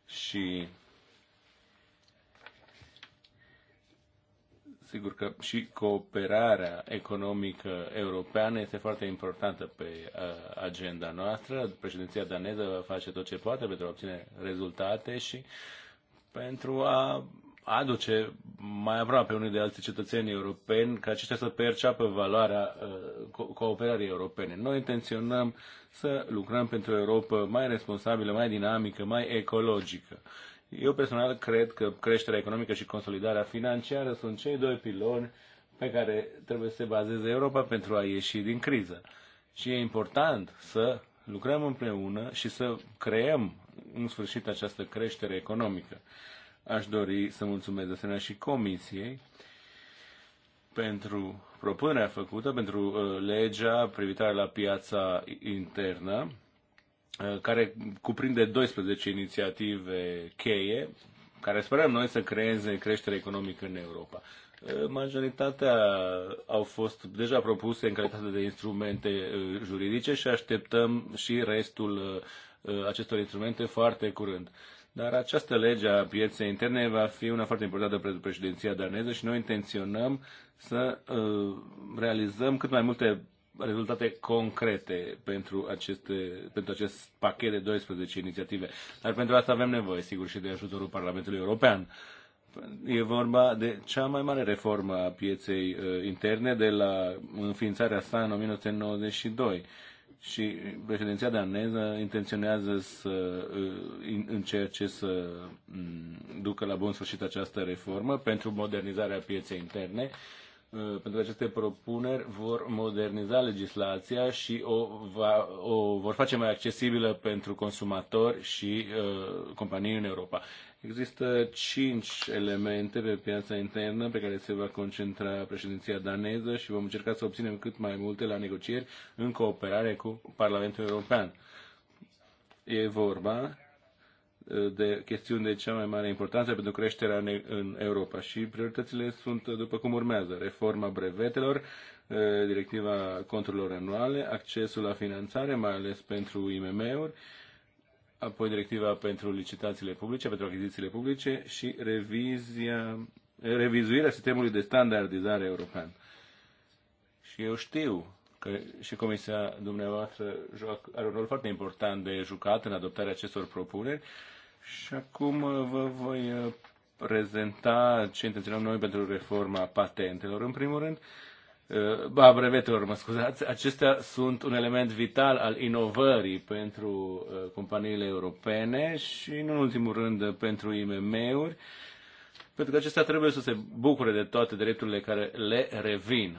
Speaker 1: și Sigur că și cooperarea economică europeană este foarte importantă pe uh, agenda noastră. Președinția daneză va face tot ce poate pentru a obține rezultate și pentru a aduce mai aproape unii de alții cetățeni europeni, ca aceștia să perceapă valoarea uh, co cooperării europene. Noi intenționăm să lucrăm pentru o Europa mai responsabilă, mai dinamică, mai ecologică. Eu personal cred că creșterea economică și consolidarea financiară sunt cei doi piloni pe care trebuie să se bazeze Europa pentru a ieși din criză. Și e important să lucrăm împreună și să creăm în sfârșit această creștere economică. Aș dori să mulțumesc de asemenea și Comisiei pentru propunerea făcută, pentru uh, legea privitoare la piața internă Uh, care cuprinde 12 inițiative cheie, care sperăm noi să creeze creștere economică în Europa. Uh, majoritatea au fost deja propuse în calitate de instrumente uh, juridice și așteptăm și restul acestor instrumente foarte curând. Dar această lege a pieței interne va fi una foarte importantă pentru președinția daneză și noi intenționăm să realizăm cât mai multe rezultate concrete pentru, aceste, pentru acest pachet de 12 inițiative. Dar pentru asta avem nevoie, sigur, și de ajutorul Parlamentului European. E vorba de cea mai mare reformă a pieței uh, interne de la înființarea sa în 1992 și președinția daneză intenționează să uh, încerce să mm, ducă la bun sfârșit această reformă pentru modernizarea pieței interne Uh, pentru aceste propuneri vor moderniza legislația și o, va, o vor face mai accesibilă pentru consumatori și uh, companii în Europa. Există cinci elemente pe piața internă pe care se va concentra președinția daneză și vom încerca să obținem cât mai multe la negocieri în cooperare cu Parlamentul European. E vorba de chestiuni de cea mai mare importanță pentru creșterea în, Europa și prioritățile sunt după cum urmează. Reforma brevetelor, eh, directiva controlor anuale, accesul la finanțare, mai ales pentru IMM-uri, apoi directiva pentru licitațiile publice, pentru achizițiile publice și revizia, eh, revizuirea sistemului de standardizare european. Și eu știu că și comisia dumneavoastră joacă, are un rol foarte important de jucat în adoptarea acestor propuneri și acum uh, vă voi uh, prezenta ce intenționăm noi pentru reforma patentelor. În primul rând, ba, uh, brevetelor, mă scuzați, acestea sunt un element vital al inovării pentru companiile europene și, în ultimul rând, pentru IMM-uri, pentru că acestea trebuie să se bucure de toate drepturile care le revin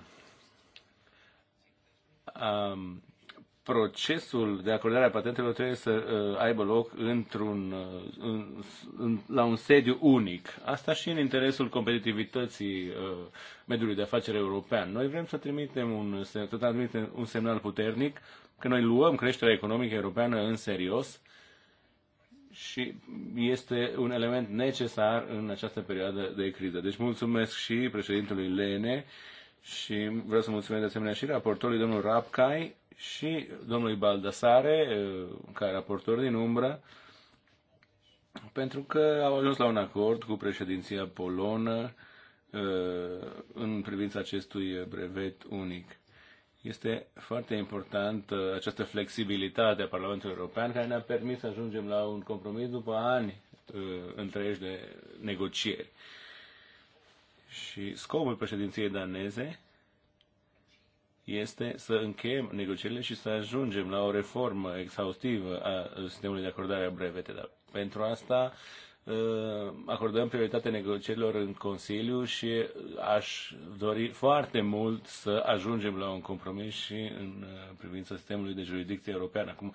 Speaker 1: procesul de acordare a patentelor trebuie să uh, aibă loc într-un, uh, în, în, la un sediu unic. Asta și în interesul competitivității uh, mediului de afaceri european. Noi vrem să trimitem un, să trimitem un semnal puternic că noi luăm creșterea economică europeană în serios și este un element necesar în această perioadă de criză. Deci mulțumesc și președintelui Lene și vreau să mulțumesc de asemenea și raportorului domnul Rapcai și domnului Baldasare, uh, ca raportor din umbră, pentru că au ajuns la un acord cu președinția polonă uh, în privința acestui brevet unic. Este foarte important uh, această flexibilitate a Parlamentului European care ne-a permis să ajungem la un compromis după ani întregi de negocieri. Și scopul președinției daneze este să încheiem negocierile și să ajungem la o reformă exhaustivă a sistemului de acordare a brevete. Dar pentru asta uh, acordăm prioritate negocierilor în Consiliu și aș dori foarte mult să ajungem la un compromis și în uh, privința sistemului de juridicție europeană. Acum,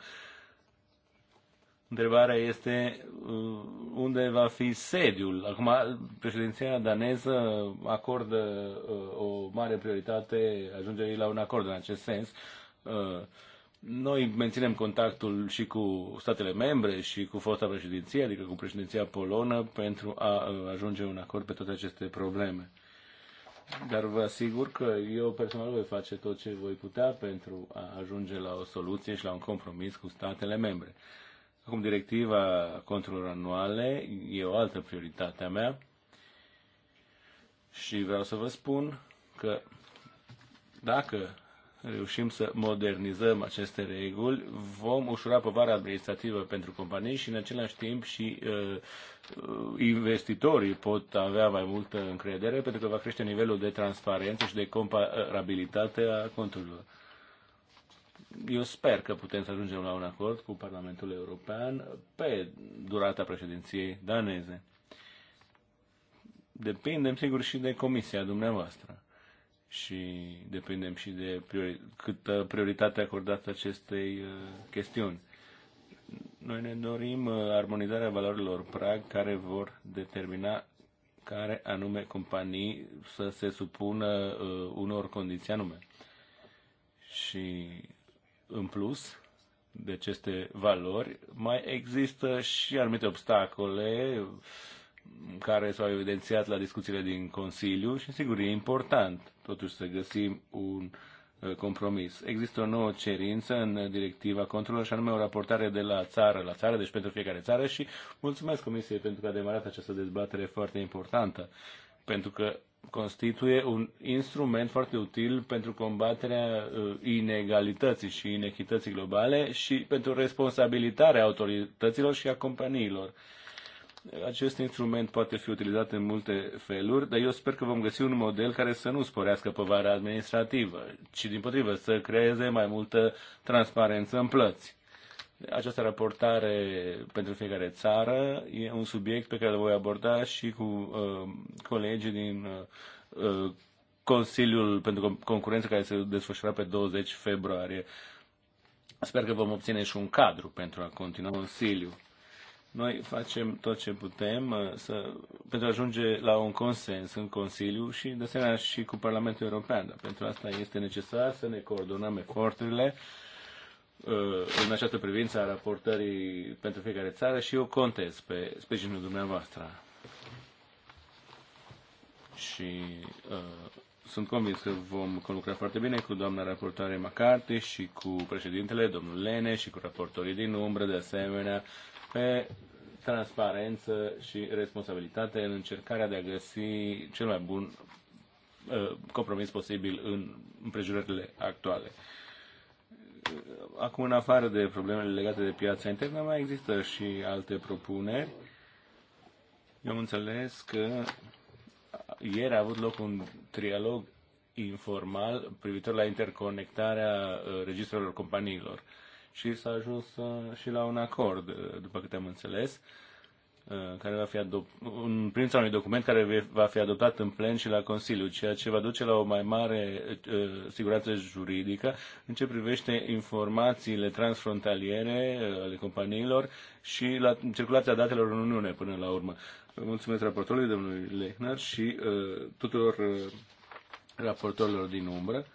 Speaker 1: Întrebarea este uh, unde va fi sediul. Acum, președinția daneză acordă uh, o mare prioritate ajungerii la un acord în acest sens. Uh, noi menținem contactul și cu statele membre și cu fosta președinție, adică cu președinția polonă, pentru a ajunge un acord pe toate aceste probleme. Dar vă asigur că eu personal voi face tot ce voi putea pentru a ajunge la o soluție și la un compromis cu statele membre. Acum, directiva controlor anuale e o altă prioritate a mea și vreau să vă spun că dacă reușim să modernizăm aceste reguli, vom ușura povara administrativă pentru companii și în același timp și uh, investitorii pot avea mai multă încredere pentru că va crește nivelul de transparență și de comparabilitate a conturilor eu sper că putem să ajungem la un acord cu Parlamentul European pe durata președinției daneze. Depindem, sigur, și de comisia dumneavoastră și depindem și de priori, câtă prioritate acordată acestei uh, chestiuni. Noi ne dorim uh, armonizarea valorilor prag care vor determina care anume companii să se supună uh, unor condiții anume. Și în plus de deci aceste valori, mai există și anumite obstacole care s-au evidențiat la discuțiile din Consiliu și, sigur, e important totuși să găsim un uh, compromis. Există o nouă cerință în directiva controlor și anume o raportare de la țară la țară, deci pentru fiecare țară și mulțumesc Comisiei pentru că a demarat această dezbatere foarte importantă, pentru că constituie un instrument foarte util pentru combaterea uh, inegalității și inechității globale și pentru responsabilitarea autorităților și a companiilor. Acest instrument poate fi utilizat în multe feluri, dar eu sper că vom găsi un model care să nu sporească povara administrativă, ci din potrivă să creeze mai multă transparență în plăți. Această raportare pentru fiecare țară e un subiect pe care îl voi aborda și cu uh, colegii din uh, uh Consiliul pentru Concurență care se desfășura pe 20 februarie. Sper că vom obține și un cadru pentru a continua Consiliul. Noi facem tot ce putem uh, să, pentru a ajunge la un consens în Consiliu și, de asemenea, și cu Parlamentul European. Dar pentru asta este necesar să ne coordonăm eforturile Uh, în această privință a raportării pentru fiecare țară și eu contez pe sprijinul dumneavoastră. Și uh, sunt convins că vom conlucra foarte bine cu doamna raportoare McCarthy și cu președintele, domnul Lene și cu raportorii din umbră, de asemenea, pe transparență și responsabilitate în încercarea de a găsi cel mai bun uh, compromis posibil în împrejurările actuale acum, în afară de problemele legate de piața internă, mai există și alte propuneri. Eu am înțeles că ieri a avut loc un trialog informal privitor la interconectarea uh, registrelor companiilor și s-a ajuns uh, și la un acord, uh, după câte am înțeles. Uh, Uh, care va fi adop- un al unui document care va fi adoptat în plen și la Consiliu, ceea ce va duce la o mai mare uh, siguranță juridică în ce privește informațiile transfrontaliere uh, ale companiilor și la circulația datelor în Uniune până la urmă. Mulțumesc raportorului, domnului Lehner și uh, tuturor uh, raportorilor din umbră.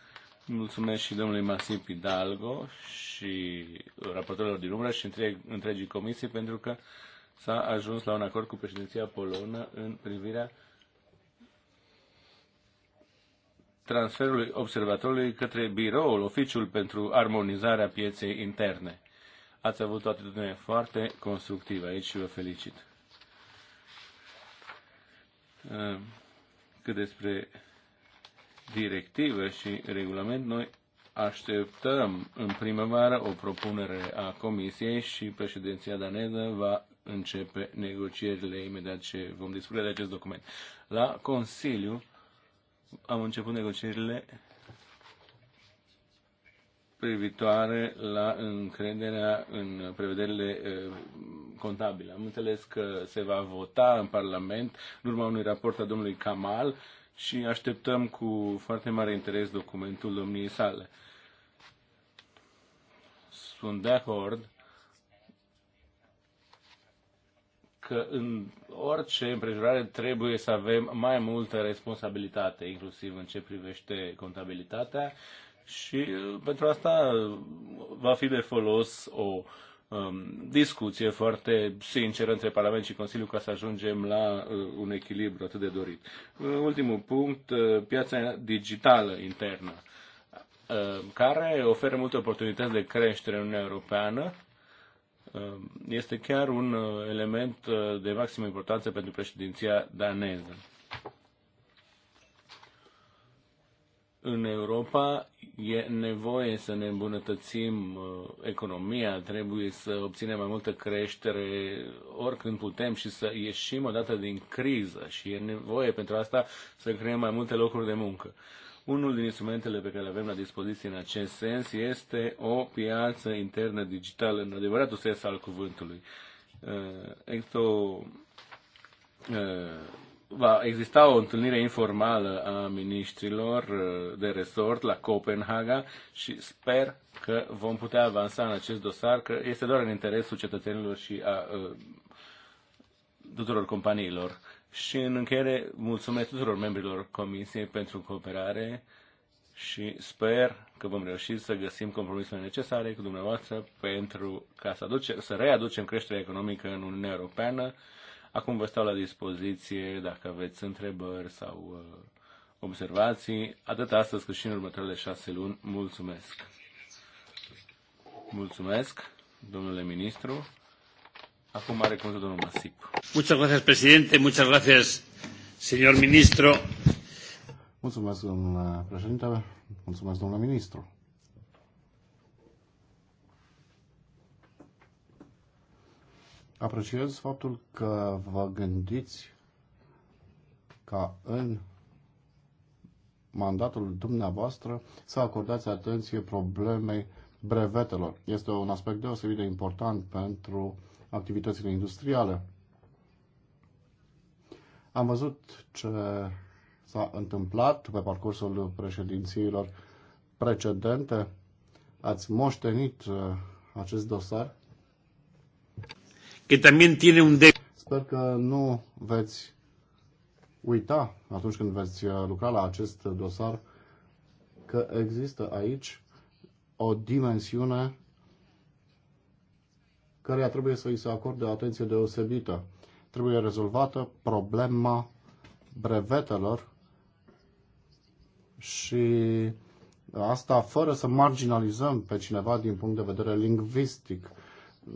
Speaker 1: Mulțumesc și domnului Masim Pidalgo și raportorilor din umbră și întreg, întregii comisii pentru că uh, s-a ajuns la un acord cu președinția polonă în privirea transferului observatorului către biroul, oficiul pentru armonizarea pieței interne. Ați avut o atitudine foarte constructivă aici și vă felicit. Uh, cât despre directivă și regulament, noi așteptăm în primăvară o propunere a Comisiei și președinția daneză va începe negocierile imediat ce vom dispune de acest document. La Consiliu am început negocierile privitoare la încrederea în prevederile eh, contabile. Am înțeles că se va vota în Parlament în urma unui raport a domnului Kamal și așteptăm cu foarte mare interes documentul domniei sale. Sunt de acord că în orice împrejurare trebuie să avem mai multă responsabilitate, inclusiv în ce privește contabilitatea și uh, pentru asta va fi de folos o um, discuție foarte sinceră între Parlament și Consiliu ca să ajungem la uh, un echilibru atât de dorit. Uh, ultimul punct, uh, piața digitală internă, uh, care oferă multe oportunități de creștere în Uniunea Europeană, Ehm, este chiar un uh, element uh, de maximă importanță pentru președinția daneză. În Europa e nevoie să ne îmbunătățim uh, economia, trebuie să obținem mai multă creștere oricând putem și să ieșim odată din criză și e nevoie pentru asta să creăm mai multe locuri de muncă. Unul din instrumentele pe care le avem la dispoziție în acest sens este o piață internă digitală, în adevăratul sens al cuvântului. Uh, există o, uh, va exista o întâlnire informală a ministrilor uh, de resort la Copenhaga și sper că vom putea avansa în acest dosar, că este doar în interesul cetățenilor și a tuturor companiilor și în încheiere, mulțumesc tuturor membrilor Comisiei pentru cooperare și sper că vom reuși să găsim compromisurile necesare cu dumneavoastră pentru ca să, aduce, să readucem creșterea economică în Uniunea Europeană. Acum vă stau la dispoziție dacă aveți întrebări sau uh, observații, atât astăzi cât și în următoarele șase luni. Mulțumesc! Mulțumesc, domnule ministru! Acum are cuvântul domnul Masip. Muchas gracias, presidente. Muchas gracias, señor ministro.
Speaker 2: Mulțumesc, domnule președinte. Mulțumesc, domnule ministru. Apreciez faptul că vă gândiți ca în mandatul dumneavoastră să acordați atenție problemei brevetelor. Este un aspect deosebit de important pentru activitățile industriale. Am văzut ce s-a întâmplat pe parcursul președințiilor precedente. Ați moștenit uh, acest dosar? Că también tiene un de- Sper că nu veți uita atunci când veți uh, lucra la acest dosar că există aici o dimensiune căreia trebuie să îi se acorde atenție deosebită. Trebuie rezolvată problema brevetelor și asta fără să marginalizăm pe cineva din punct de vedere lingvistic.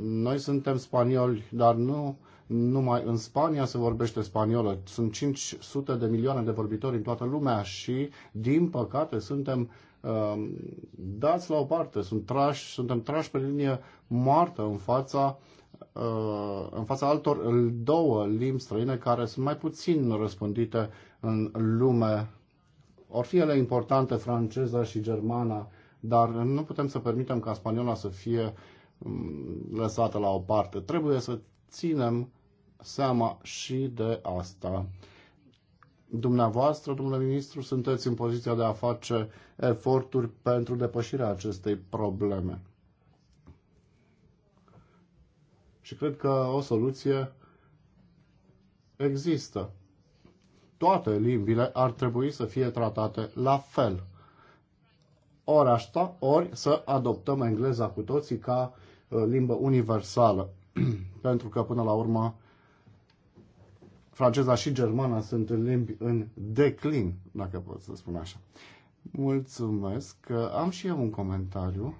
Speaker 2: Noi suntem spanioli, dar nu numai în Spania se vorbește spaniolă. Sunt 500 de milioane de vorbitori în toată lumea și, din păcate, suntem Um, dați la o parte, sunt trași, suntem trași pe linie moartă în fața uh, în fața altor două limbi străine care sunt mai puțin răspândite în lume. Or fi ele importante, franceza și germana, dar nu putem să permitem ca spaniola să fie um, lăsată la o parte. Trebuie să ținem seama și de asta. Dumneavoastră, domnule ministru, sunteți în poziția de a face eforturi pentru depășirea acestei probleme. Și cred că o soluție există. Toate limbile ar trebui să fie tratate la fel. Ori asta, ori să adoptăm engleza cu toții ca uh, limbă universală. pentru că, până la urmă, franceza și germana sunt în limbi în declin, dacă pot să spun așa. Mulțumesc. Am și eu un comentariu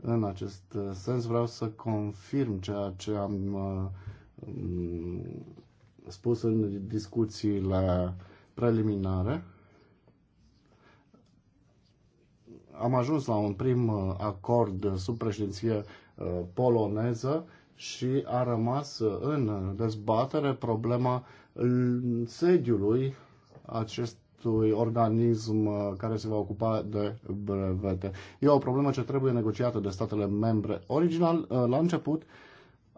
Speaker 2: în acest uh, sens. Vreau să confirm ceea ce am uh, mm, spus în discuțiile preliminare. Am ajuns la un prim uh, acord sub președinție poloneză și a rămas în dezbatere problema sediului acestui organism care se va ocupa de brevete. E o problemă ce trebuie negociată de statele membre. Original, la început,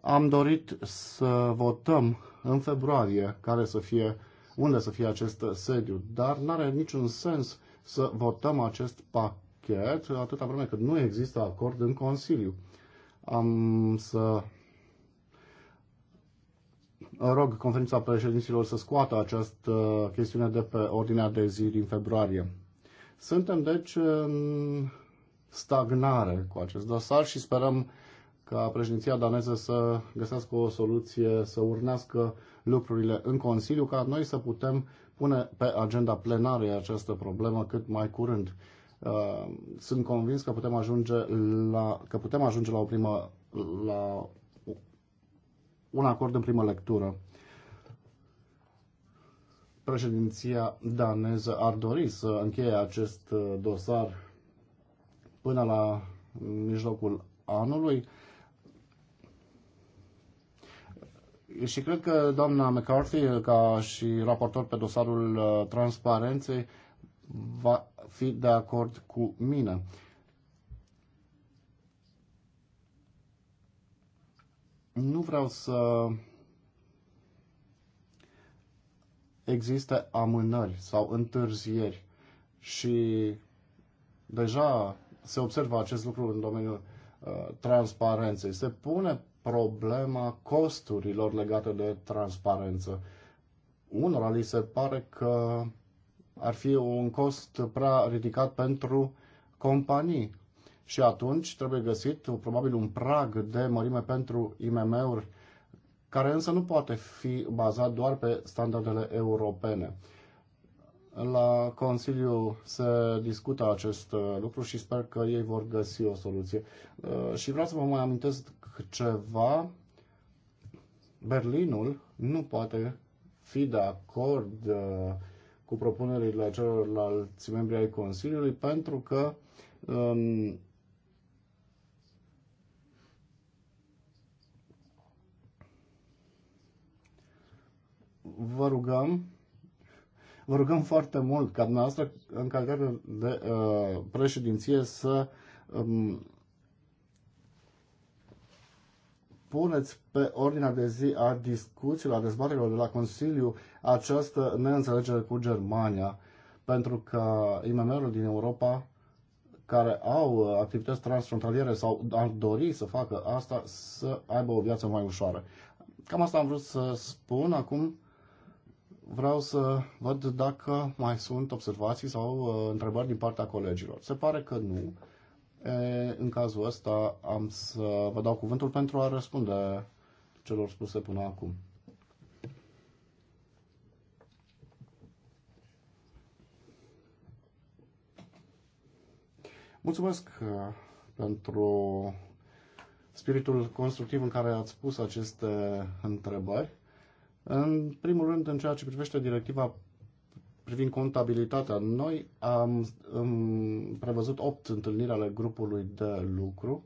Speaker 2: am dorit să votăm în februarie care să fie, unde să fie acest sediu, dar nu are niciun sens să votăm acest pachet atâta vreme cât nu există acord în Consiliu. Am să rog conferința președinților să scoată această chestiune de pe ordinea de zi din februarie. Suntem deci în stagnare cu acest dosar și sperăm ca președinția daneză să găsească o soluție, să urnească lucrurile în Consiliu, ca noi să putem pune pe agenda plenară această problemă cât mai curând. Uh, sunt convins că putem ajunge la, că putem ajunge la o primă la un acord în primă lectură. Președinția daneză ar dori să încheie acest uh, dosar până la mijlocul anului. Și cred că doamna McCarthy, uh, ca și raportor pe dosarul uh, transparenței, va fi de acord cu mine. Nu vreau să există amânări sau întârzieri și deja se observă acest lucru în domeniul uh, transparenței. Se pune problema costurilor legate de transparență. Unora li se pare că ar fi un cost prea ridicat pentru companii. Și atunci trebuie găsit probabil un prag de mărime pentru IMM-uri, care însă nu poate fi bazat doar pe standardele europene. La Consiliu se discută acest uh, lucru și sper că ei vor găsi o soluție. Uh, și vreau să vă mai amintesc ceva. Berlinul nu poate fi de acord uh, cu propunerile celorlalți membri ai Consiliului pentru că um, vă rugăm vă rugăm foarte mult ca dumneavoastră, în calitate de uh, președinție, să um, puneți pe ordinea de zi a discuțiilor, a dezbaterilor de la Consiliu această neînțelegere cu Germania, pentru că IMM-urile din Europa care au uh, activități transfrontaliere sau ar dori să facă asta, să aibă o viață mai ușoară. Cam asta am vrut să spun acum vreau să văd dacă mai sunt observații sau uh, întrebări din partea colegilor. Se pare că nu. E, în cazul ăsta am să vă dau cuvântul pentru a răspunde celor spuse până acum. Mulțumesc uh, pentru spiritul constructiv în care ați pus aceste întrebări. În primul rând, în ceea ce privește directiva privind contabilitatea, noi am, am prevăzut 8 întâlniri ale grupului de lucru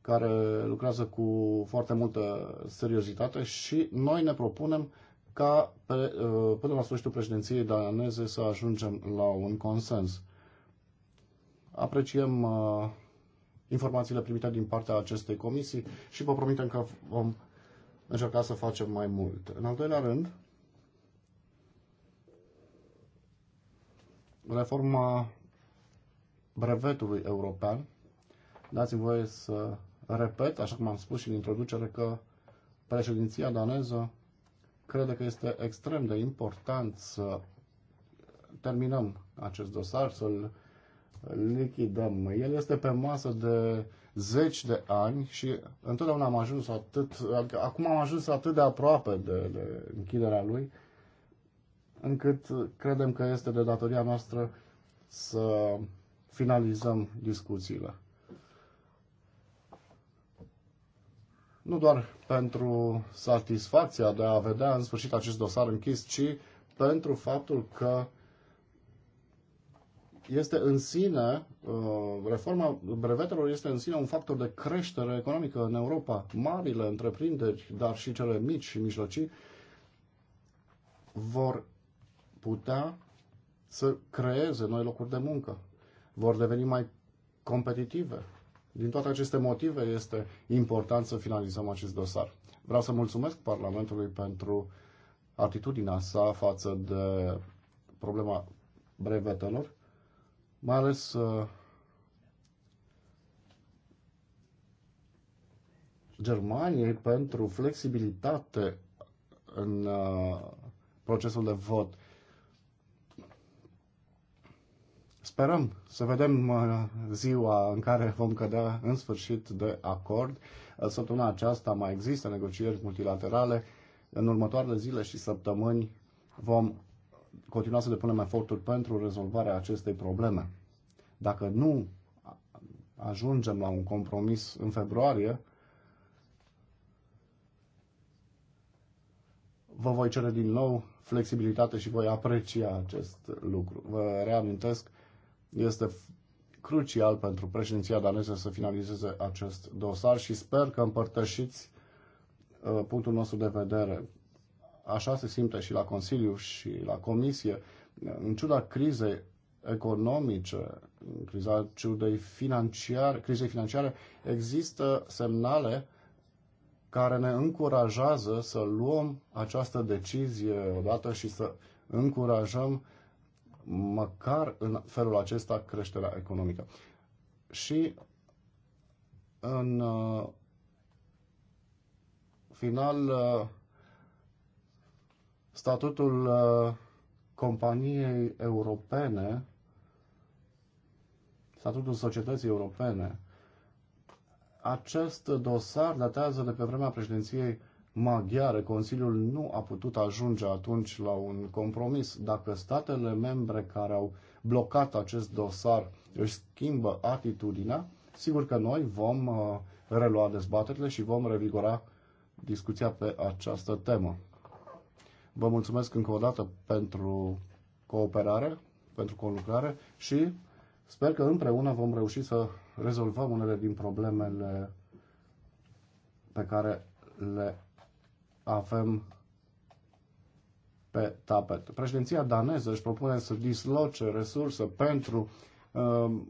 Speaker 2: care lucrează cu foarte multă seriozitate și noi ne propunem ca pe, uh, până la sfârșitul președinției daneze să ajungem la un consens. Apreciem uh, informațiile primite din partea acestei comisii și vă promitem că vom încerca să facem mai mult. În al doilea rând, reforma brevetului european. Dați-mi voie să repet, așa cum am spus și în introducere, că președinția daneză crede că este extrem de important să terminăm acest dosar, să-l lichidăm. El este pe masă de zeci de ani și întotdeauna am ajuns atât, adică acum am ajuns atât de aproape de, de închiderea lui, încât credem că este de datoria noastră să finalizăm discuțiile. Nu doar pentru satisfacția de a vedea în sfârșit acest dosar închis, ci pentru faptul că este în sine, uh, reforma brevetelor este în sine un factor de creștere economică în Europa. Marile întreprinderi, dar și cele mici și mijlocii, vor putea să creeze noi locuri de muncă. Vor deveni mai competitive. Din toate aceste motive este important să finalizăm acest dosar. Vreau să mulțumesc Parlamentului pentru atitudinea sa față de problema brevetelor mai ales uh, Germaniei pentru flexibilitate în uh, procesul de vot. Sperăm să vedem uh, ziua în care vom cădea în sfârșit de acord. Săptămâna aceasta mai există negocieri multilaterale. În următoarele zile și săptămâni vom continua să depunem eforturi pentru rezolvarea acestei probleme. Dacă nu ajungem la un compromis în februarie, vă voi cere din nou flexibilitate și voi aprecia acest lucru. Vă reamintesc, este crucial pentru președinția daneză să finalizeze acest dosar și sper că împărtășiți ă, punctul nostru de vedere. Așa se simte și la Consiliu și la Comisie. În ciuda crizei economice, în criza ciudei financiare, crizei financiare, există semnale care ne încurajează să luăm această decizie odată și să încurajăm măcar în felul acesta creșterea economică. Și în uh, final, uh, statutul uh, companiei europene statutul societății europene. Acest dosar datează de pe vremea președinției maghiare. Consiliul nu a putut ajunge atunci la un compromis. Dacă statele membre care au blocat acest dosar își schimbă atitudinea, sigur că noi vom uh, relua dezbaterile și vom revigora discuția pe această temă. Vă mulțumesc încă o dată pentru cooperare, pentru conlucrare și Sper că împreună vom reuși să rezolvăm unele din problemele pe care le avem pe tapet. Președinția daneză își propune să disloce resurse pentru um,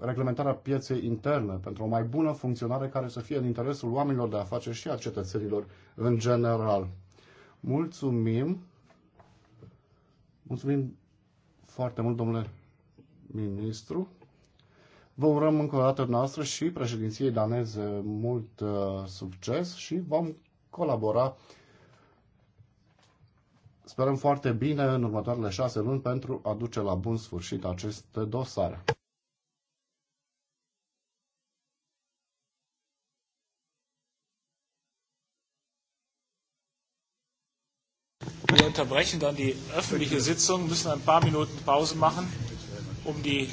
Speaker 2: reglementarea pieței interne, pentru o mai bună funcționare care să fie în interesul oamenilor de afaceri și a cetățenilor în general. Mulțumim! Mulțumim foarte mult, domnule ministru. Vă urăm încă o dată noastră și președinției daneze mult uh, succes și vom colabora, sperăm foarte bine, în următoarele șase luni pentru a duce la bun sfârșit acest dosar.
Speaker 1: Wir unterbrechen dann die öffentliche Sitzung, müssen ein paar Minuten Pause machen um die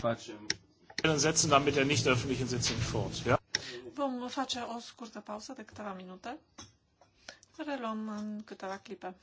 Speaker 1: Sätzen, damit der nicht öffentlichen Sitzung fort. Ja?
Speaker 3: Vom face o scurtă pauză de câteva minute. Reluăm în câteva clipe.